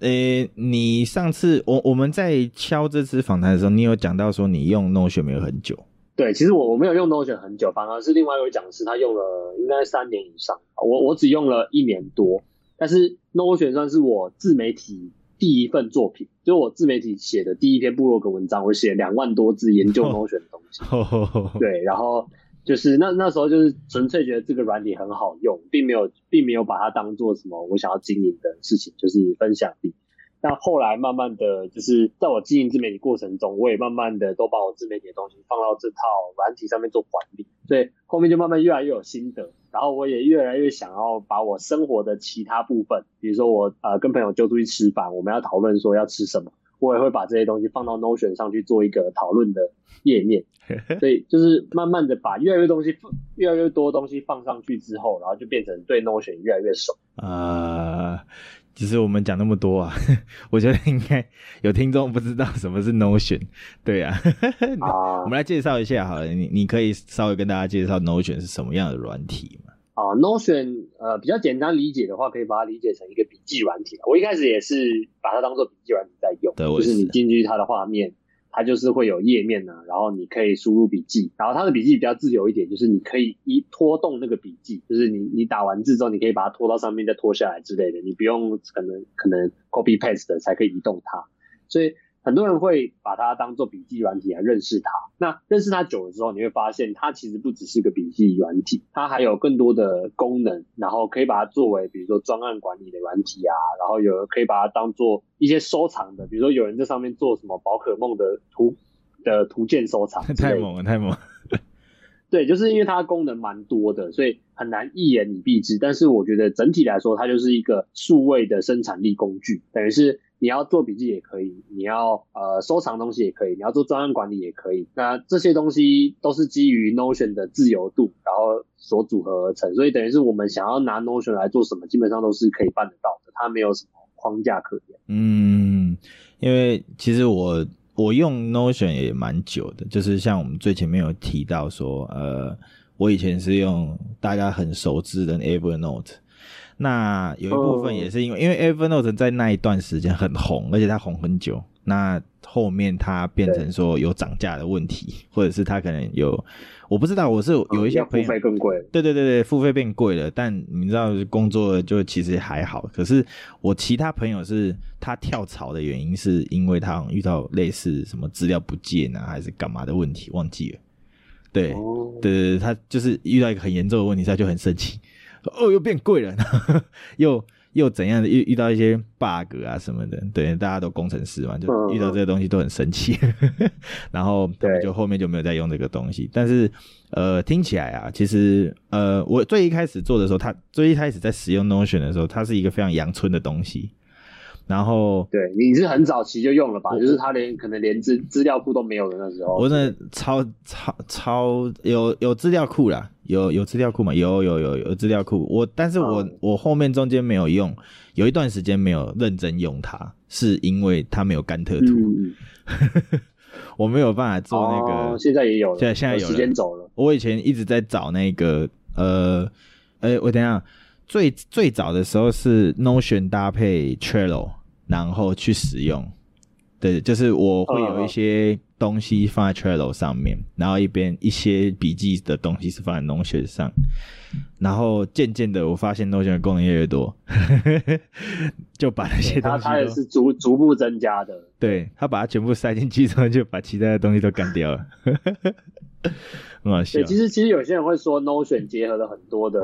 誒、欸，你上次我我們在敲這次訪談的時候，你有講到說你用 No t i o n 沒有很久？對，其實我我沒有用 No t i o n 很久，反而是另外一位講師他用了應該三年以上。我我只用了一年多，但是 No t i o n 算是我自媒體第一份作品，就是我自媒體寫的第一篇部落格文章，我寫兩萬多字研究 No 學的東西。Oh, 對，然後。就是那那時候就是純粹覺得這個軟體很好用，並沒有並沒有把它當做什麼我想要經營的事情，就是分享力。那後來慢慢的就是在我經營自媒體過程中，我也慢慢的都把我自媒體的東西放到這套軟體上面做管理，所以後面就慢慢越來越有心得，然後我也越來越想要把我生活的其他部分，比如說我呃跟朋友揪出去吃飯，我們要討論說要吃什麼。我也會把這些東西放到 Notion 上去做一個討論的頁面， 所以就是慢慢的把越來越多東西放越來越多東西放上去之後，然後就變成對 Notion 越來越熟。呃，其實我們講那麼多啊，我覺得應該有聽眾不知道什麼是 Notion，對啊、 呃、 我們來介紹一下好了，你你可以稍微跟大家介紹 Notion 是什麼樣的軟體嘛？啊、uh，Notion，呃，比較簡單理解的話，可以把它理解成一個筆記軟體。我一開始也是把它當做筆記軟體在用，對就是你進去它的畫面，它就是會有頁面呢、啊，然後你可以輸入筆記，然後它的筆記比較自由一點，就是你可以一拖動那個筆記，就是你你打完字之後，你可以把它拖到上面，再拖下來之類的，你不用可能可能 copy paste 的才可以移動它，所以。很多人會把它當做筆記軟體來認識它。那認識它久了之後，你會發現它其實不只是個筆記軟體，它還有更多的功能，然後可以把它作為比如說專案管理的軟體啊，然後有可以把它當做一些收藏的，比如說有人在上面做什麼寶可夢的圖的圖鑑收藏，太猛了，太猛了。 對，就是因為它功能蠻多的，所以很難一言以蔽之。但是我覺得整體來說，它就是一個數位的生產力工具，等於是。你要做筆記也可以，你要呃收藏東西也可以，你要做專案管理也可以。那這些東西都是基於 Notion 的自由度，然後所組合而成。所以等於是我們想要拿 Notion 來做什麼，基本上都是可以辦得到的。它沒有什麼框架可言。嗯，因為其實我我用 Notion 也蠻久的，就是像我們最前面有提到說，呃，我以前是用大家很熟知的 Evernote。那有一部分也是因為，哦、因為 Evernote 在那一段時間很紅，而且它紅很久。那後面它變成說有漲價的問題，對或者是它可能有，我不知道。我是有一些朋友，哦、付費更貴對對對對，付費變貴了。但你知道工作就其實還好。可是我其他朋友是他跳槽的原因，是因為他遇到類似什麼資料不見啊，還是幹嘛的問題，忘記了。對對、哦、對，他就是遇到一個很嚴重的問題，他就很生氣。哦，又變貴了，呵呵又又怎樣的？遇遇到一些 bug 啊什麼的，對，大家都工程師嘛，就遇到這個東西都很神奇。嗯、 然後對就後面就沒有再用這個東西。但是，呃，聽起來啊，其實，呃，我最一開始做的時候，他最一開始在使用 Notion 的時候，它是一個非常陽春的東西。然後，對，你是很早期就用了吧？哦、就是他連可能連資資料庫都沒有的那時候，我真的超超超有有資料庫啦。有有資料庫嗎？有有有有資料庫。我但是我、嗯、我後面中間沒有用，有一段時間沒有認真用它，是因為它沒有甘特圖，嗯、 我沒有辦法做那個。哦、現在也有了，現在現在有，有時間走了。我以前一直在找那個呃哎、欸，我等下最最早的時候是 Notion 搭配 Trello，然後去使用。對，就是我會有一些。哦哦東西放在 Trello 上面，然後一邊一些筆記的東西是放在 Notion 上，嗯、然後漸漸的我發現 Notion 的功能越來越多， 就把那些東西它它也是逐逐步增加的，對，他把它全部塞進去之後，就把其他的東西都幹掉了。 對，其實其實有些人會說 Notion 結合了很多的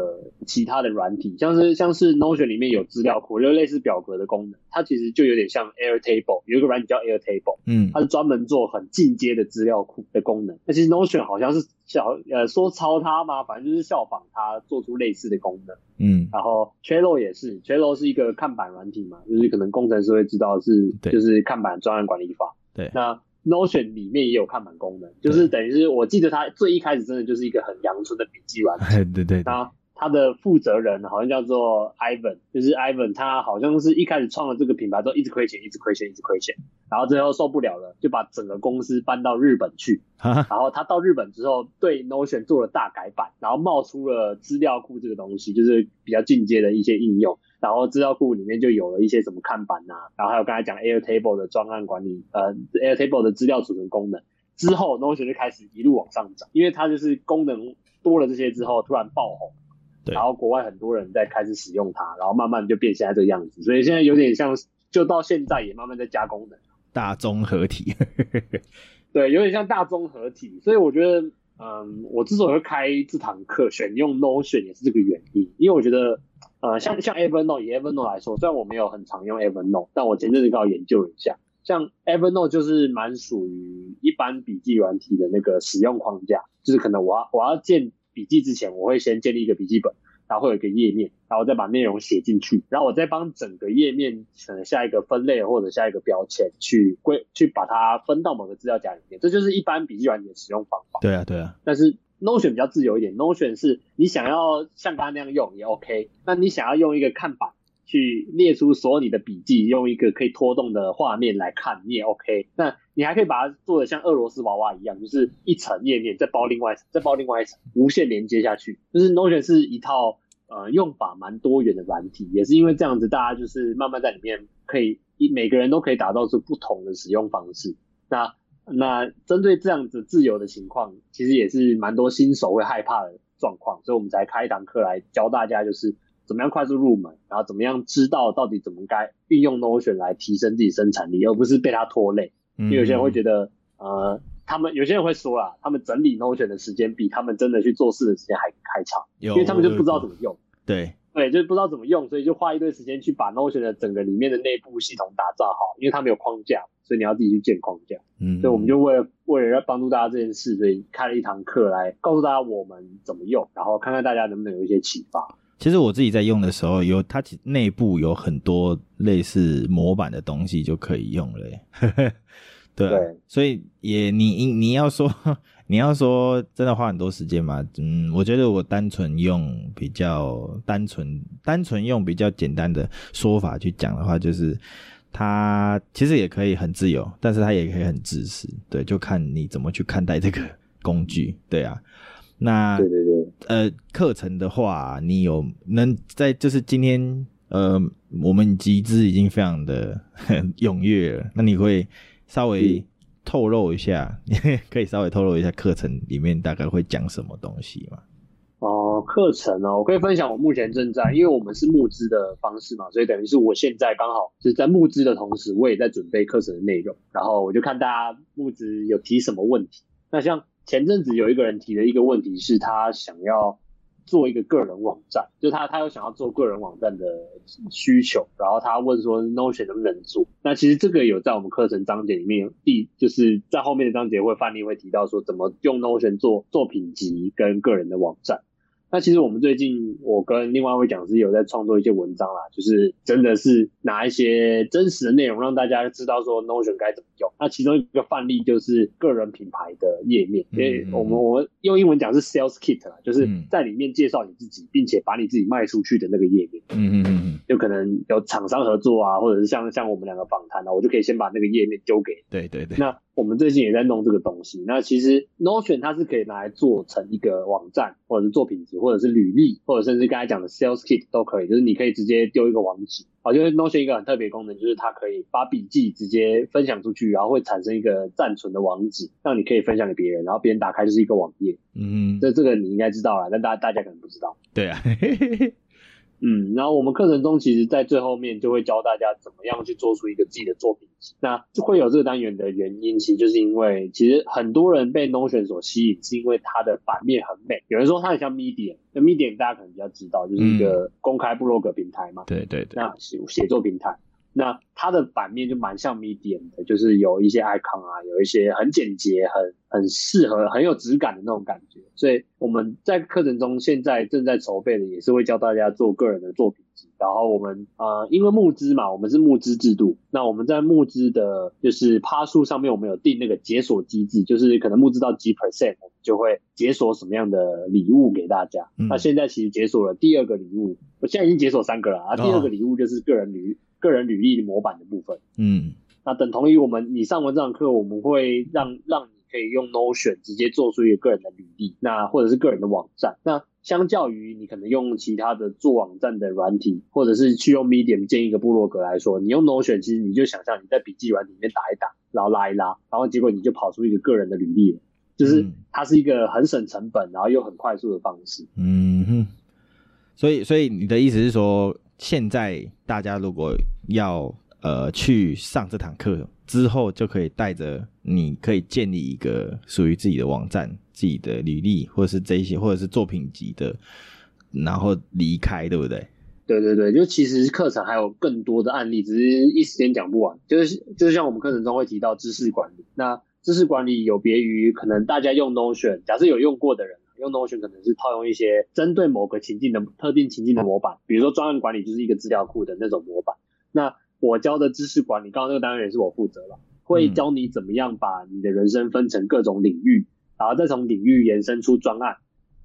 其他的軟體，像是像是 Notion 裡面有資料庫，就是、類似表格的功能，它其實就有點像 Airtable，有一個軟體叫 Airtable，嗯，它是專門做很進階的資料庫的功能。那、嗯、其實 Notion 好像是效呃說抄它嘛，反正就是效仿它做出類似的功能，嗯。然後 Trello 也是，Trello 是一個看板軟體嘛，就是可能工程師會知道的是，對就是看板專案管理法，對，那。Notion 裡面也有看板功能，對就是等於是，我記得它最一開始真的就是一個很陽春的筆記玩具。對對對。它它的負責人好像叫做 Ivan，就是 Ivan，他好像是一開始創了這個品牌之後一直虧錢，一直虧錢，一直虧錢，然後最後受不了了，就把整個公司搬到日本去。然後他到日本之後，對 Notion 做了大改版，然後冒出了資料庫這個東西，就是比較進階的一些應用。然後資料庫裡面就有了一些什麼看板吶、啊，然後還有剛才講 Airtable 的專案管理，呃，Airtable 的資料儲存功能，之後 Notion 就開始一路往上漲，因為它就是功能多了這些之後突然爆紅，對然後國外很多人在開始使用它，然後慢慢就變現在這個樣子，所以現在有點像，就到現在也慢慢在加功能，大綜合體， 對，有點像大綜合體，所以我覺得，嗯，我之所以會開這堂課選用 Notion 也是這個原因，因為我覺得。呃，像像 Evernote，以 Evernote 來說，雖然我沒有很常用 Evernote，但我前陣子剛好研究了一下。像 Evernote 就是蠻屬於一般筆記軟體的那個使用框架，就是可能我要我要建筆記之前，我會先建立一個筆記本，然後會有一個頁面，然後再把內容寫進去，然後我再幫整個頁面選下一個分類或者下一個標籤去歸去把它分到某個資料夾裡面，這就是一般筆記軟體的使用方法。對啊，對啊。但是。Notion 比較自由一點，Notion 是你想要像他那樣用也 OK，那你想要用一個看板去列出所有你的筆記，用一個可以拖動的畫面來看也 OK，那你還可以把它做得像俄羅斯娃娃一樣，就是一層頁面再包另外一層，再包另外一層，無限連接下去，就是 Notion 是一套呃用法蠻多元的軟體，也是因為這樣子，大家就是慢慢在裡面可以，每個人都可以打造出不同的使用方式，那。那針對這樣子自由的情況，其實也是蠻多新手會害怕的狀況，所以我們才開一堂課來教大家，就是怎麼樣快速入門，然後怎麼樣知道到底怎麼該運用 Notion 來提升自己生產力，而不是被它拖累。嗯、因為有些人會覺得，呃，他們有些人會說啦，他們整理 Notion 的時間比他們真的去做事的時間還還長，有因為他們就不知道怎麼用。對對，就是不知道怎麼用，所以就花一堆時間去把 Notion 的整個裡面的內部系統打造好，因為它沒有框架。所以你要自己去建框架，嗯，所以我們就為了為了要幫助大家這件事，所以開了一堂課來告訴大家我們怎麼用，然後看看大家能不能有一些啟發。其實我自己在用的時候，有它內部有很多類似模板的東西就可以用了。 對，對所以也你你要說你要說真的花很多時間嗎？嗯，我覺得我單純用比較單純單純用比較簡單的說法去講的話，就是。他其實也可以很自由，但是他也可以很自私，對，就看你怎麼去看待這個工具，對啊。那對對對，呃，課程的話，你有能在就是今天，呃，我們集資已經非常的踴躍了，那你會稍微透露一下，是 可以稍微透露一下課程裡面大概會講什麼東西嗎？課程哦，我可以分享我目前正在，因為我們是募資的方式嘛，所以等於是我現在剛好是在募資的同時，我也在準備課程的內容。然後我就看大家募資有提什麼問題。那像前陣子有一個人提的一個問題是，他想要做一個個人網站，就他他有想要做個人網站的需求，然後他問說 Notion 能不能做？那其實這個有在我們課程章節裡面有，第就是在後面的章節會範例會提到說，怎麼用 Notion 做作品集跟個人的網站。那其實我們最近，我跟另外一位講師有在創作一些文章啦，就是真的是拿一些真實的內容讓大家知道說 Notion 該怎麼用。那其中一個範例就是個人品牌的頁面，因為我們我們用英文講是 Sales Kit 啦，就是在裡面介紹你自己，並且把你自己賣出去的那個頁面。嗯，嗯嗯嗯，就可能有廠商合作啊，或者是像像我們兩個訪談啊，我就可以先把那個頁面丟給你。對對對，那。我們最近也在弄這個東西。那其實 Notion 它是可以拿來做成一個網站，或者是作品集，或者是履歷，或者甚至剛才講的 Sales Kit 都可以。就是你可以直接丟一個網址啊、哦，就是 Notion 一個很特別功能，就是它可以把筆記直接分享出去，然後會產生一個暫存的網址，讓你可以分享給別人，然後別人打開就是一個網頁。嗯，這這個你應該知道了，但大大家可能不知道。對啊。 嗯，然後我們課程中其實，在最後面就會教大家怎麼樣去做出一個自己的作品集。那就會有這個單元的原因，其實就是因為，其實很多人被 Notion 所吸引，是因為它的版面很美。有人說它很像 Medium，那 Medium 大家可能比較知道，就是一個公開部落格平台嘛、嗯，對對對，那寫作平台，那它的版面就蠻像 Medium 的，就是有一些 icon 啊，有一些很簡潔、很很適合、很有質感的那種感覺，所以。我們在課程中現在正在籌備的，也是會教大家做個人的作品集。然後我們呃因為募資嘛，我們是募資制度。那我們在募資的，就是趴數上面，我們有定那個解鎖機制，就是可能募資到幾 percent，我們就會解鎖什麼樣的禮物給大家。嗯、那現在其實解鎖了第二個禮物，我現在已經解鎖三個了啊。第二個禮物就是個人履、哦、個人履歷模板的部分。嗯，那等同於我們你上完這堂課，我們會讓讓。可以用 Notion 直接做出一個個人的履歷，那或者是個人的網站。那相較於你可能用其他的做網站的軟體，或者是去用 Medium 建一個部落格來說，你用 Notion，其實你就想象你在筆記軟體裡面打一打，然後拉一拉，然後結果你就跑出一個個人的履歷了。就是它是一個很省成本，然後又很快速的方式。嗯哼。所以，所以你的意思是說，現在大家如果要？呃，去上這堂課之後，就可以帶着你可以建立一個屬於自己的網站、自己的履歷，或者是這一些，或者是作品集的，然後離開，對不對？對對對，就其實課程還有更多的案例，只是一時間講不完。就是就是像我們課程中會提到知識管理，那知識管理有別於可能大家用 Notion，假設有用過的人，用 Notion 可能是套用一些針對某個情境的特定情境的模板，比如說專案管理就是一個資料庫的那種模板，那。我教的知識管理，剛剛那個單元也是我負責了，會教你怎麼樣把你的人生分成各種領域，然後再從領域延伸出專案，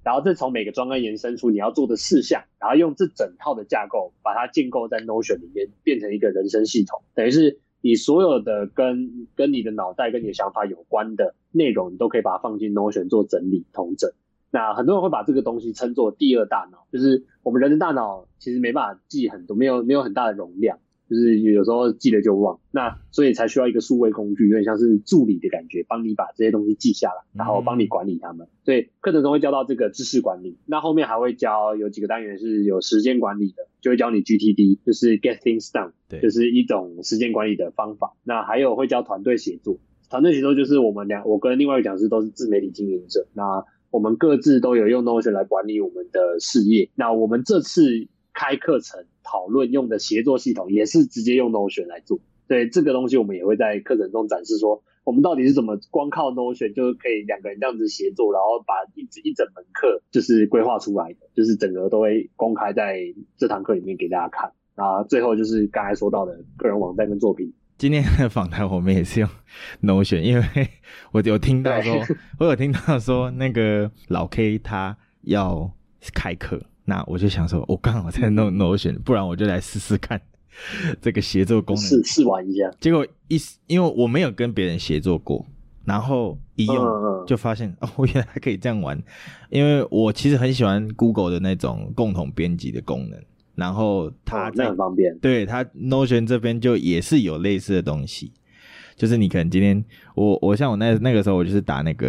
然後再從每個專案延伸出你要做的事項，然後用這整套的架構把它建構在 Notion 裡面，變成一個人生系統。等於是你所有的跟跟你的腦袋、跟你的想法有關的內容，你都可以把它放進 Notion 做整理、統整。那很多人會把這個東西稱作第二大腦，就是我們人的大腦其實沒辦法記很多，沒有沒有很大的容量。就是有時候記得就忘，那所以才需要一個數位工具，有點像是助理的感覺，幫你把這些東西記下來，然後幫你管理他們。嗯、所以課程中會教到這個知識管理，那後面還會教有幾個單元是有時間管理的，就會教你 GTD，就是 Get Things Done，對就是一種時間管理的方法。那還有會教團隊協作，團隊協作就是我們兩，我跟另外一個講師都是自媒體經營者，那我們各自都有用 Notion 來管理我們的事業。那我們這次開課程。討論用的協作系統也是直接用 Notion 來做，對這個東西我們也會在課程中展示說，說我們到底是怎麼光靠 Notion 就可以兩個人這樣子協作，然後把一整一整門課就是規劃出來，就是整個都會公開在這堂課裡面給大家看。啊，最後就是剛才說到的個人網站跟作品。今天的訪談我們也是用 Notion，因為我有聽到說，對我有聽到說那個老 K 他要開課。那我就想說，我、哦、剛好在弄 Notion，不然我就來試試看這個協作功能，試玩一下。結果一，因為我沒有跟別人協作過，然後一用就發現，嗯嗯，哦，我原來還可以這樣玩。因為我其實很喜歡 Google 的那種共同編輯的功能，然後它在，哦、很方便。對，它 Notion 這邊就也是有類似的東西。就是你可能今天我我像我那那個時候，我就是打那個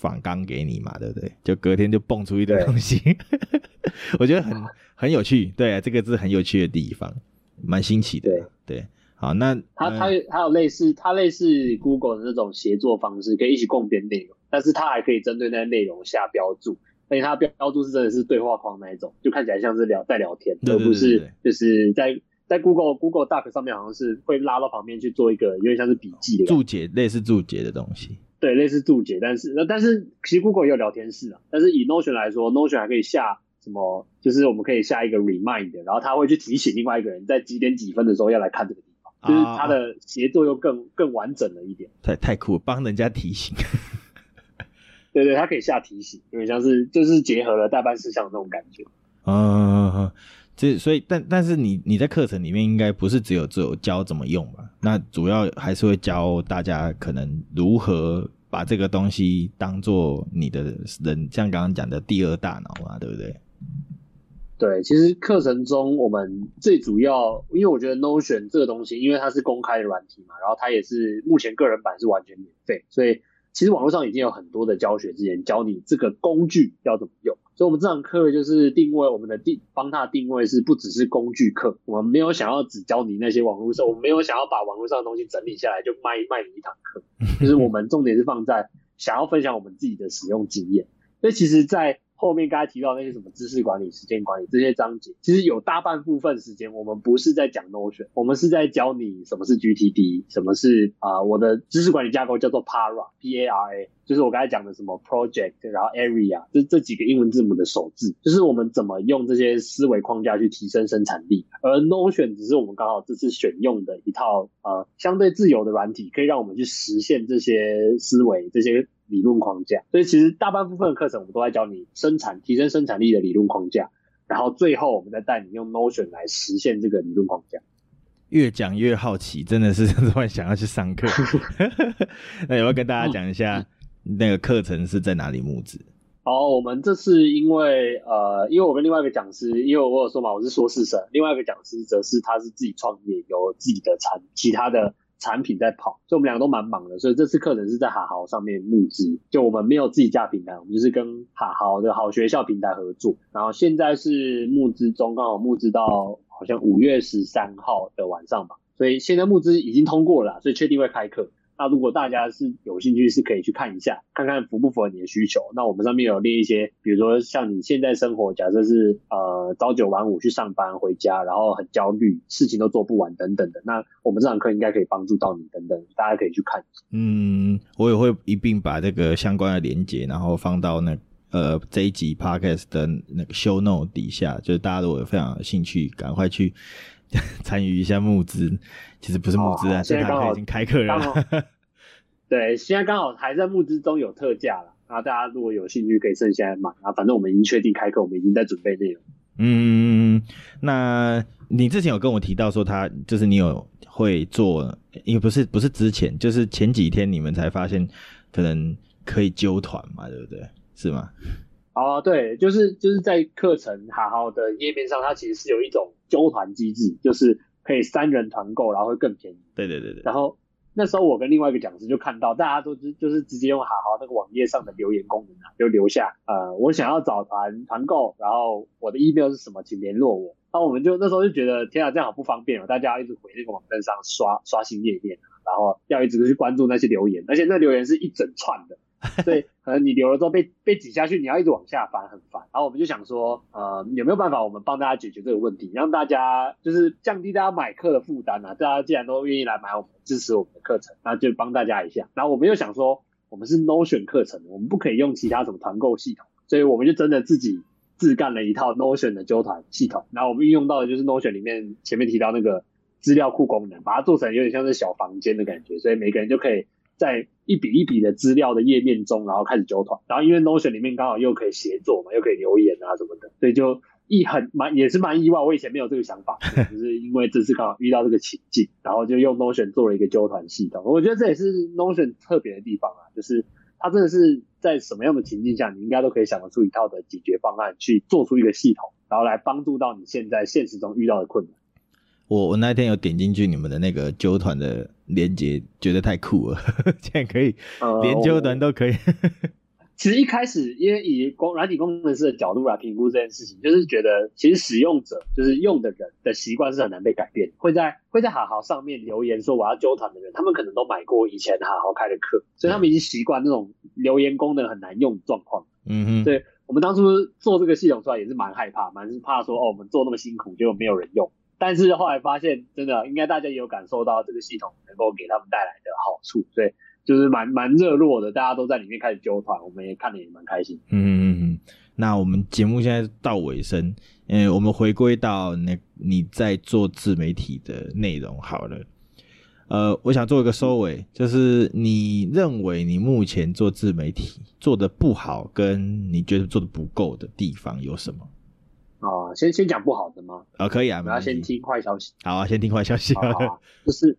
訪綱給你嘛，對不對？就隔天就蹦出一堆東西，對 我覺得很很有趣。對啊，這個是很有趣的地方，蠻新奇的。對，對，好，那它它還有類似它類似 Google 的那種協作方式，可以一起共編內容，但是它還可以針對那內容下標注，而且它標注是真的是對話框那一種，就看起來像是聊在聊天，對對對對，而不是就是在。在 Google, Google Google Doc 上面好像是會拉到旁邊去做一個有點像是筆記的注解，類似注解的東西。對，類似注解，但是、呃、但是其實 Google 也有聊天室啊。但是以 Notion 來說，Notion 還可以下什麼？就是我們可以下一個 Remind，然後他會去提醒另外一個人在幾點幾分的時候要來看這個地方，哦、就是它的協作又更更完整了一點。太太酷，幫人家提醒。 對對，它可以下提醒，有點像是就是結合了代辦事項的那種感覺。啊、哦。哦哦這所以，但但是你，你在課程裡面應該不是只有只有教怎麼用吧？那主要還是會教大家可能如何把這個東西當做你的人，像剛剛講的第二大腦嘛，對不對？對，其實課程中我們最主要，因為我覺得 Notion 這個東西，因為它是公開的軟體嘛，然後它也是目前個人版是完全免費，所以其實網絡上已經有很多的教學資源教你這個工具要怎麼用。所以，我們這堂課就是定位我們的定，幫他的定位是不只是工具課。我們沒有想要只教你那些網絡上，我們沒有想要把網絡上的東西整理下來就賣賣你一堂課。就是我們重點是放在想要分享我們自己的使用經驗。所以，其實，在後面剛才提到那些什麼知識管理、時間管理這些章節，其實有大半部分時間，我們不是在講 Notion，我們是在教你什麼是 GTD，什麼是啊、呃、我的知識管理架構叫做 Para P A R A，就是我剛才講的什麼 Project，然後 Area，這這幾個英文字母的首字，就是我們怎麼用這些思維框架去提升生產力。而 Notion 只是我們剛好這次選用的一套呃相對自由的軟體，可以讓我們去實現這些思維這些。理論框架，所以其實大半部分的課程我們都在教你生產、提升生產力的理論框架，然後最後我們再帶你用 Notion 來實現這個理論框架。越講越好奇，真的是突然會想要去上課。 那也要跟大家講一下，那個課程是在哪裡募資？哦、嗯，我們這是因為呃，因為我跟另外一個講師，因為我有說嘛，我是說事生，另外一個講師則是他是自己創業，有自己的產其他的。產品在跑，所以我們兩個都蠻忙的。所以這次課程是在哈豪上面募資，就我們沒有自己架平台，我們就是跟哈豪的好學校平台合作。然後現在是募資中，剛好募資到好像五月十三號的晚上吧，所以現在募資已經通過了啦，所以確定會開課。那如果大家是有興趣，是可以去看一下，看看符不符合你的需求。那我們上面有列一些，比如說像你現在生活，假設是呃，朝九晚五去上班，回家，然後很焦慮，事情都做不完等等的。那我們這堂課應該可以幫助到你等等，大家可以去看。嗯，我也會一併把這個相關的連結，然後放到那呃這一集 Podcast 的那個 show note 底下，就是大家如果有非常有興趣，趕快去。參與一下募資，其實不是募資啊、哦，現在剛好，好已經開課了。好 對，現在剛好還在募資中有特價了，然後大家如果有興趣，可以剩下來嘛。啊。反正我們已經確定開課，我們已經在準備內容。嗯，那你之前有跟我提到說他，他就是你有會做，也不是不是之前，就是前幾天你們才發現可能可以揪團嘛，對不對？是嗎？哦，對，就是就是在課程 Hahow 的頁面上，它其實是有一種。揪團機制，就是可以三人團購，然後會更便宜。對對對對。然後那時候我跟另外一個講師就看到，大家都就是、就是直接用 Hahow 那個網頁上的留言功能啊，就留下呃我想要找團團購，然後我的 email 是什麼，請聯絡我。那我們就那時候就覺得，天啊，這樣好不方便哦！大家要一直回那個網站上刷刷新頁面啊，然後要一直去關注那些留言，而且那留言是一整串的。對， 所以可能你留了之後被被擠下去，你要一直往下翻，很煩。然後我們就想說，呃，有沒有辦法我們幫大家解決這個問題，讓大家就是降低大家買課的負擔啊。大家既然都願意來買我們支持我們的課程，那就幫大家一下。然後我們又想說，我們是 Notion 課程，我們不可以用其他什麼團購系統，所以我們就真的自己自幹了一套 Notion 的揪團系統。然後我們運用到的就是 Notion 裡面前面提到那個資料庫功能，把它做成有點像是小房間的感覺，所以每個人就可以。在一筆一筆的資料的頁面中，然後開始揪團，然後因為 Notion 裡面剛好又可以協作嘛，又可以留言啊什麼的，所以就一很蠻也是蠻意外，我以前沒有這個想法，就是因為這次剛好遇到這個情境，然後就用 Notion 做了一個揪團系統。我覺得這也是 Notion 特別的地方啊，就是它真的是在什麼樣的情境下，你應該都可以想得出一套的解決方案，去做出一個系統，然後來幫助到你現在現實中遇到的困難。我我那天有點進去你們的那個揪團的。連接覺得太酷了，呵呵，這樣可以、嗯、連糾團都可以。其實一開始，因為以工軟體工程師的角度來評估這件事情，就是覺得其實使用者就是用的人的習慣是很難被改變。會在會在好好上面留言說我要糾團的人，他們可能都買過以前好好開的課，所以他們已經習慣那種留言功能很難用狀況。嗯嗯，哼，對，我們當初做這個系統出來也是蠻害怕，蠻是怕說哦，我們做那麼辛苦結果沒有人用。但是後來發現，真的應該大家也有感受到這個系統能夠給他們帶來的好處，所以就是蠻蠻熱絡的，大家都在裡面開始糾團，我們也看得也蠻開心。嗯嗯嗯。那我們節目現在到尾聲，嗯，我們回歸到你你在做自媒體的內容好了。呃，我想做一個收尾，就是你認為你目前做自媒體做得不好，跟你覺得做得不夠的地方有什麼？啊，先先講不好的嗎？啊、哦，可以啊，我們要先聽壞消息。好啊，先聽壞消息。啊啊、就是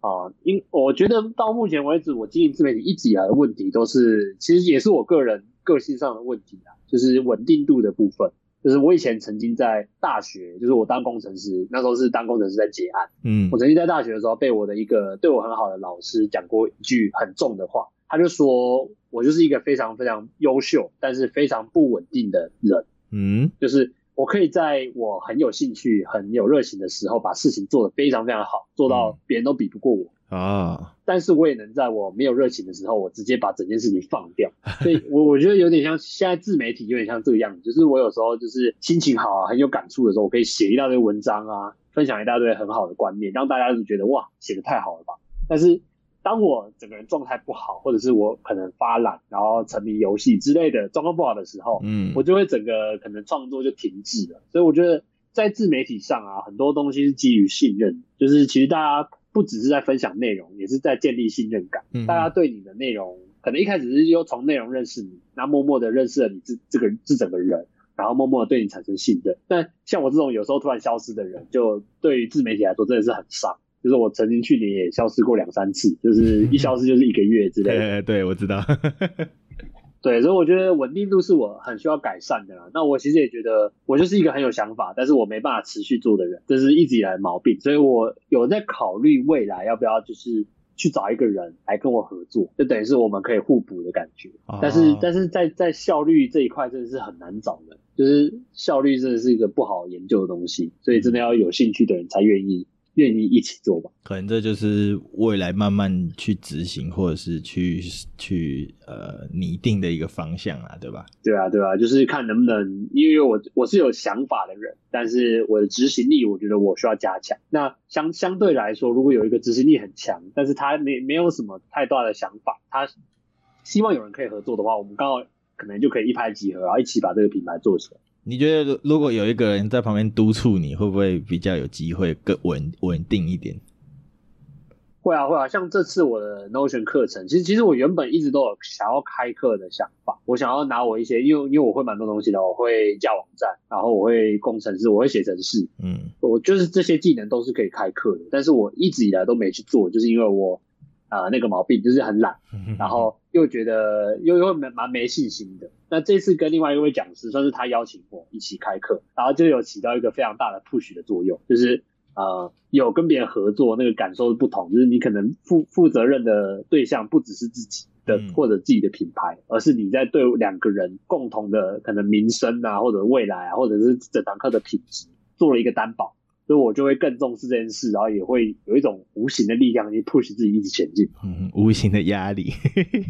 啊，因我覺得到目前為止，我經營自媒體一直以來的問題，都是其實也是我個人個性上的問題啊。就是穩定度的部分，就是我以前曾經在大學，就是我當工程師，那時候是當工程師在結案。嗯，我曾經在大學的時候，被我的一個對我很好的老師講過一句很重的話，他就說我就是一個非常非常優秀，但是非常不穩定的人。嗯，就是。我可以在我很有興趣、很有熱情的時候，把事情做得非常非常好，做到別人都比不過我、嗯、啊。但是我也能在我沒有熱情的時候，我直接把整件事情放掉。所以，我我覺得有點像現在自媒體，有點像這樣，就是我有時候就是心情好、啊、很有感觸的時候，我可以寫一大堆文章啊，分享一大堆很好的觀念，讓大家都覺得哇，寫得太好了吧。但是，當我整個人狀態不好，或者是我可能發懶，然後沉迷遊戲之類的，狀況不好的時候，嗯，我就會整個可能創作就停滯了。所以我覺得在自媒體上啊，很多東西是基於信任的，就是其實大家不只是在分享內容，也是在建立信任感。嗯，大家對你的內容，可能一開始是又從內容認識你，那默默的認識了你這這個這整個人，然後默默的對你產生信任。但像我這種有時候突然消失的人，就對於自媒體來說真的是很傷。就是我曾經去年也消失過兩三次，就是一消失就是一個月之類的。 對，對，對，我知道。 對，所以我覺得穩定度是我很需要改善的啦。那我其實也覺得我就是一個很有想法，但是我沒辦法持續做的人，這是一直以來的毛病。所以我有在考慮未來要不要就是去找一個人來跟我合作，就等於是我們可以互補的感覺。哦。但是，但是在在效率這一塊真的是很難找的，就是效率真的是一個不好研究的東西，所以真的要有興趣的人才願意。嗯。願意一起做吧，可能這就是未來慢慢去執行，或者是去去呃擬定的一個方向啊，對吧？對啊，對啊，就是看能不能，因為我我是有想法的人，但是我的執行力，我覺得我需要加強。那相相對來說，如果有一個執行力很強，但是他沒沒有什麼太大的想法，他希望有人可以合作的話，我們剛好可能就可以一拍即合，然後一起把這個品牌做起來。你覺得如果有一個人在旁邊督促你，會不會比較有機會更穩穩定一點？會啊會啊，像這次我的 Notion 課程，其實其實我原本一直都有想要開課的想法。我想要拿我一些，因為因為我會蠻多東西的，我會架網站，然後我會工程師，我會寫程式，嗯，我就是這些技能都是可以開課的，但是我一直以來都沒去做，就是因為我。啊、呃，那個毛病就是很懶，然後又覺得又又蠻蠻沒信心的。那這次跟另外一位講師算是他邀請我一起開課，然後就有起到一個非常大的 push 的作用，就是呃有跟別人合作，那個感受是不同，就是你可能負負責任的對象不只是自己的、嗯、或者自己的品牌，而是你在對兩個人共同的可能名聲啊，或者未來啊，或者是整堂課的品質做了一個擔保。所以，我就會更重視這件事，然後也會有一種無形的力量去 push 自己一直前進。嗯，無形的壓力，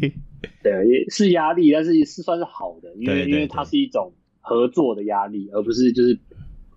對，也是壓力，但是也是算是好的，因為，對對對，因為它是一種合作的壓力，而不是就是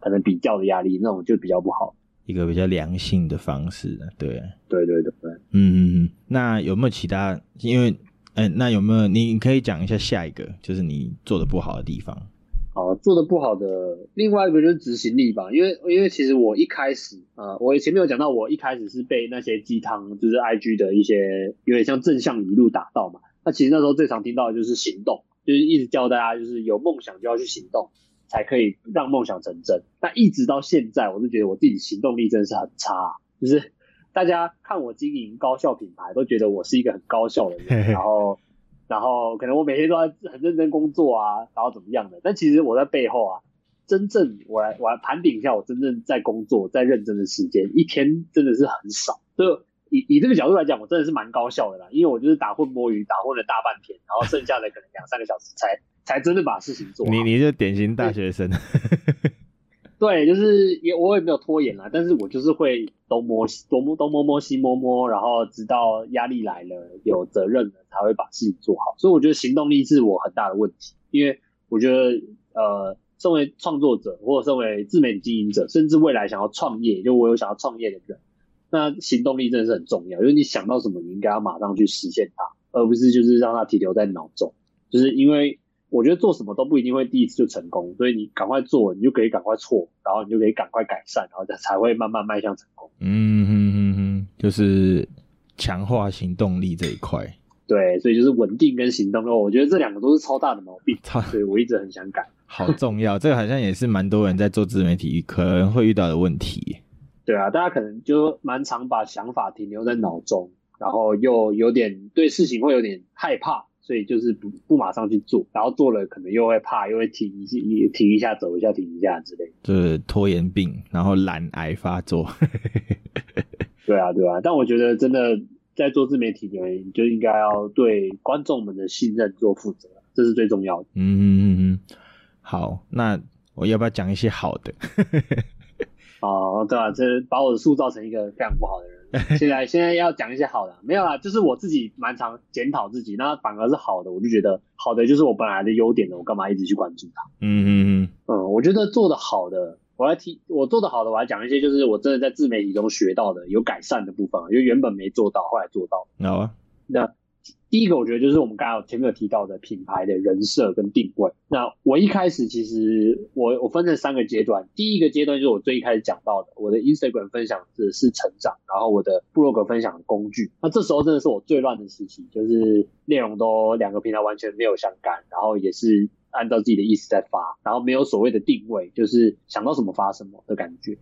可能比較的壓力，那種就比較不好。一個比較良性的方式，對，對對對對，嗯嗯，那有沒有其他？因為，哎，那有沒有，你可以講一下下一個，就是你做的不好的地方？啊，做的不好的另外一個就是執行力吧，因為因為其實我一開始啊、呃，我前面有講到，我一開始是被那些雞湯，就是 IG 的一些有點像正向語錄打到嘛。那其實那時候最常聽到的就是行動，就是一直教大家就是有夢想就要去行動，才可以讓夢想成真。那一直到現在，我都覺得我自己行動力真的是很差，啊，就是大家看我經營高效品牌，都覺得我是一個很高效的人，然後，然後可能我每天都在很認真工作啊，然後怎麼樣的？但其實我在背後啊，真正我來我來盤點一下，我真正在工作、在認真的時間，一天真的是很少。就以以，以這個角度來講，我真的是蠻高效的啦，因為我就是打混摸魚，打混了大半天，然後剩下的可能兩三個小時才 才，才真的把事情做完。你你是典型大學生對。 對，就是也我也沒有拖延啦，但是我就是會東摸東摸東摸摸，摸，摸西摸摸，然後直到壓力來了、有責任了，才會把事情做好。所以我覺得行動力是我很大的問題，因為我覺得呃，身為創作者或者身為自媒體經營者，甚至未來想要創業，就我有想要創業的人，那行動力真的是很重要，因為你想到什麼，你應該要馬上去實現它，而不是就是讓它停留在腦中，就是因為。我覺得做什麼都不一定會第一次就成功，所以你趕快做，你就可以趕快錯，然後你就可以趕快改善，然後才會慢慢邁向成功。嗯哼哼哼，就是強化行動力這一塊。對，所以就是穩定跟行動力，我覺得這兩個都是超大的毛病，超所以我一直很想改。好重要， 這個好像也是蠻多人在做自媒體可能會遇到的問題。對啊，大家可能就蠻常把想法停留在腦中，然後又有點對事情會有點害怕。所以就是不不馬上去做，然後做了可能又會怕，又會停一停一下走一下停一下之類的，就是拖延病，然後懶癌發作。 對啊對啊，但我覺得真的在做自媒體的人，你就應該要對觀眾們的信任做負責，這是最重要的。嗯嗯嗯嗯，好，那我要不要講一些好的？好， 哦，對啊，這把我塑造成一個非常不好的人。 現在現在要講一些好的，沒有啦，就是我自己蠻常檢討自己，那反而是好的，我就覺得好的就是我本來的優點的，我幹嘛一直去關注它？嗯嗯嗯嗯，我覺得做得好的，我來提我做得好的，我來講一些就是我真的在自媒體中學到的有改善的部分，因為原本沒做到，後來做到。好啊。那。第一個，我覺得就是我們剛才前面有提到的品牌的人設跟定位。那我一開始其實我我分成三個階段，第一個階段就是我最一開始講到的，我的 Instagram 分享的是成長，然後我的 Blog 分享的工具。那這時候真的是我最亂的時期，就是內容都兩個平台完全沒有相干，然後也是按照自己的意思在發，然後沒有所謂的定位，就是想到什麼發什麼的感覺。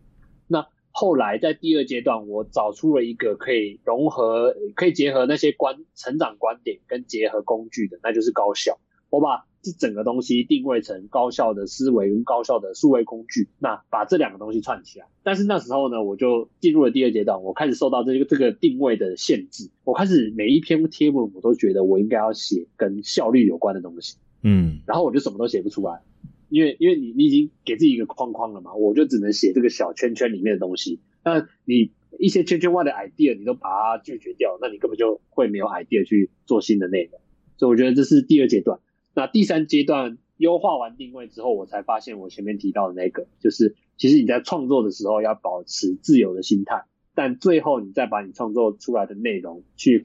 那後來在第二階段，我找出了一個可以融合、可以結合那些觀、成長觀點跟結合工具的，那就是高效。我把這整個東西定位成高效的思維跟高效的數位工具，那把這兩個東西串起來。但是那時候呢，我就進入了第二階段，我開始受到這個這個定位的限制，我開始每一篇貼文我都覺得我應該要寫跟效率有關的東西，嗯，然後我就什麼都寫不出來。因為因為你你已經給自己一個框框了嘛，我就只能寫這個小圈圈裡面的東西。那你一些圈圈外的 idea 你都把它拒絕掉，那你根本就會沒有 idea 去做新的內容。所以我覺得這是第二階段。那第三階段優化完定位之後，我才發現我前面提到的那個，就是其實你在創作的時候要保持自由的心態，但最後你再把你創作出來的內容去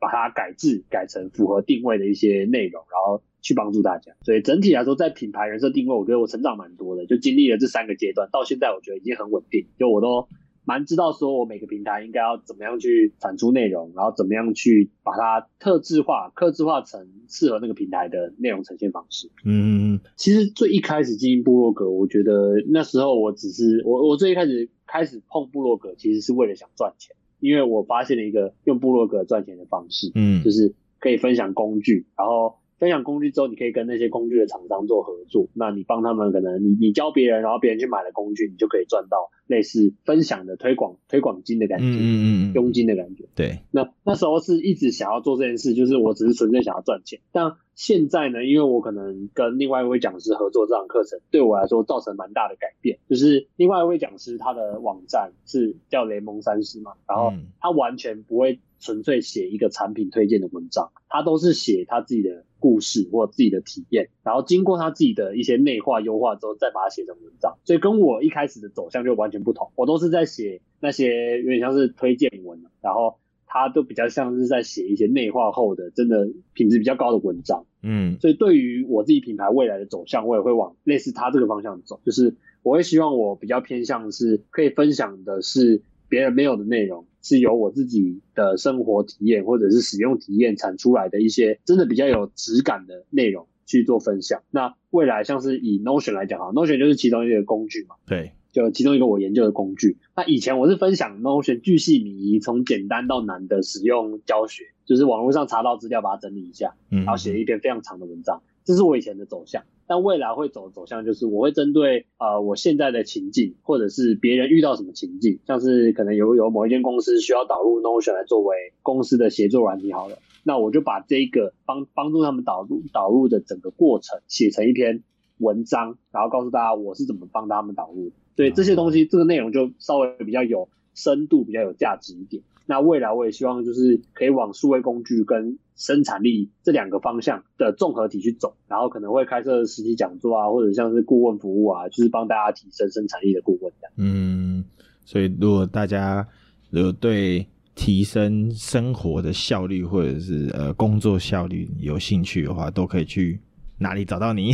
把它改制改成符合定位的一些內容，然後。去幫助大家，所以整體來說，在品牌人設定位，我覺得我成長蠻多的，就經歷了這三個階段，到現在我覺得已經很穩定，就我都蠻知道說我每個平台應該要怎麼樣去產出內容，然後怎麼樣去把它特製化、客製化成適合那個平台的內容呈現方式。嗯嗯嗯。其實最一開始進行部落格，我覺得那時候我只是我我最一開始開始碰部落格，其實是為了想賺錢，因為我發現了一個用部落格賺錢的方式，嗯，就是可以分享工具，然後。分享工具之後，你可以跟那些工具的廠商做合作。那你幫他們，可能你你教別人，然後別人去買了工具，你就可以賺到類似分享的推廣推廣金的感覺，嗯佣金的感覺。對。那那時候是一直想要做這件事，就是我只是純粹想要賺錢。但現在呢，因為我可能跟另外一位講師合作這堂課程，對我來說造成蠻大的改變，就是另外一位講師他的網站是叫雷蒙三十嘛，然後他完全不會純粹寫一個產品推薦的文章，他都是寫他自己的。故事或自己的體驗，然後經過他自己的一些內化優化之後，再把它寫成文章。所以跟我一開始的走向就完全不同。我都是在寫那些有點像是推薦文啊，然後他都比較像是在寫一些內化後的、真的品質比較高的文章。嗯，所以對於我自己品牌未來的走向，我也會往類似他這個方向走。就是我會希望我比較偏向是可以分享的是。別人沒有的內容，是由我自己的生活體驗或者是使用體驗產出來的一些真的比較有質感的內容去做分享。那未來像是以 Notion 來講啊 n o t i o n 就是其中一個工具嘛，對，就其中一個我研究的工具。那以前我是分享 Notion 具細迷疑，從簡單到難的使用教學，就是網絡上查到資料把它整理一下，嗯、然後寫一篇非常長的文章，這是我以前的走向。但未來會走走向就是，我會針對呃我現在的情境，或者是別人遇到什麼情境，像是可能有有某一間公司需要導入 Notion 來作為公司的協作軟體，好了，那我就把這一個幫幫助他們導入導入的整個過程寫成一篇文章，然後告訴大家我是怎麼幫他們導入。所以這些東西，這個內容就稍微比較有深度、比較有價值一點。那未來我也希望就是可以往數位工具跟。生產力這兩個方向的綜合體去走，然後可能會開設實體講座啊，或者像是顧問服務啊，就是幫大家提升生產力的顧問。嗯，所以如果大家有對提升生活的效率或者是呃工作效率有興趣的話，都可以去哪裡找到你？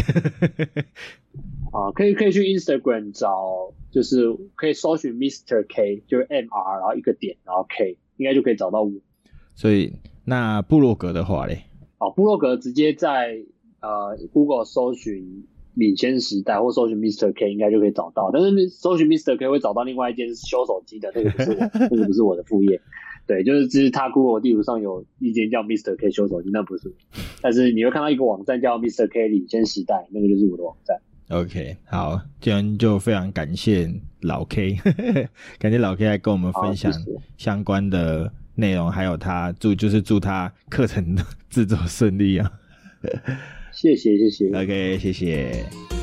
啊，可以可以去 Instagram 找，就是可以搜尋 Mr. K，就是 M R 然後一個點然後 K，應該就可以找到我。所以。那部落格的話嘞？哦，部落格直接在呃 Google 搜尋領先時代，或搜尋 Mr K 應該就可以找到。但是搜尋 Mr K 會找到另外一間修手機的，那個不是我 那個不是我的副業。對，就是只是他 Google 地圖上有一間叫 Mr K 修手機，那不是。但是你會看到一個網站叫 Mr K 領先時代，那個就是我的網站。OK，好，今天就非常感謝老 K，呵呵感謝老 K 來跟我們分享相關的。謝謝內容還有他祝就是祝他課程的制作順利啊！謝謝，謝謝，OK 謝謝。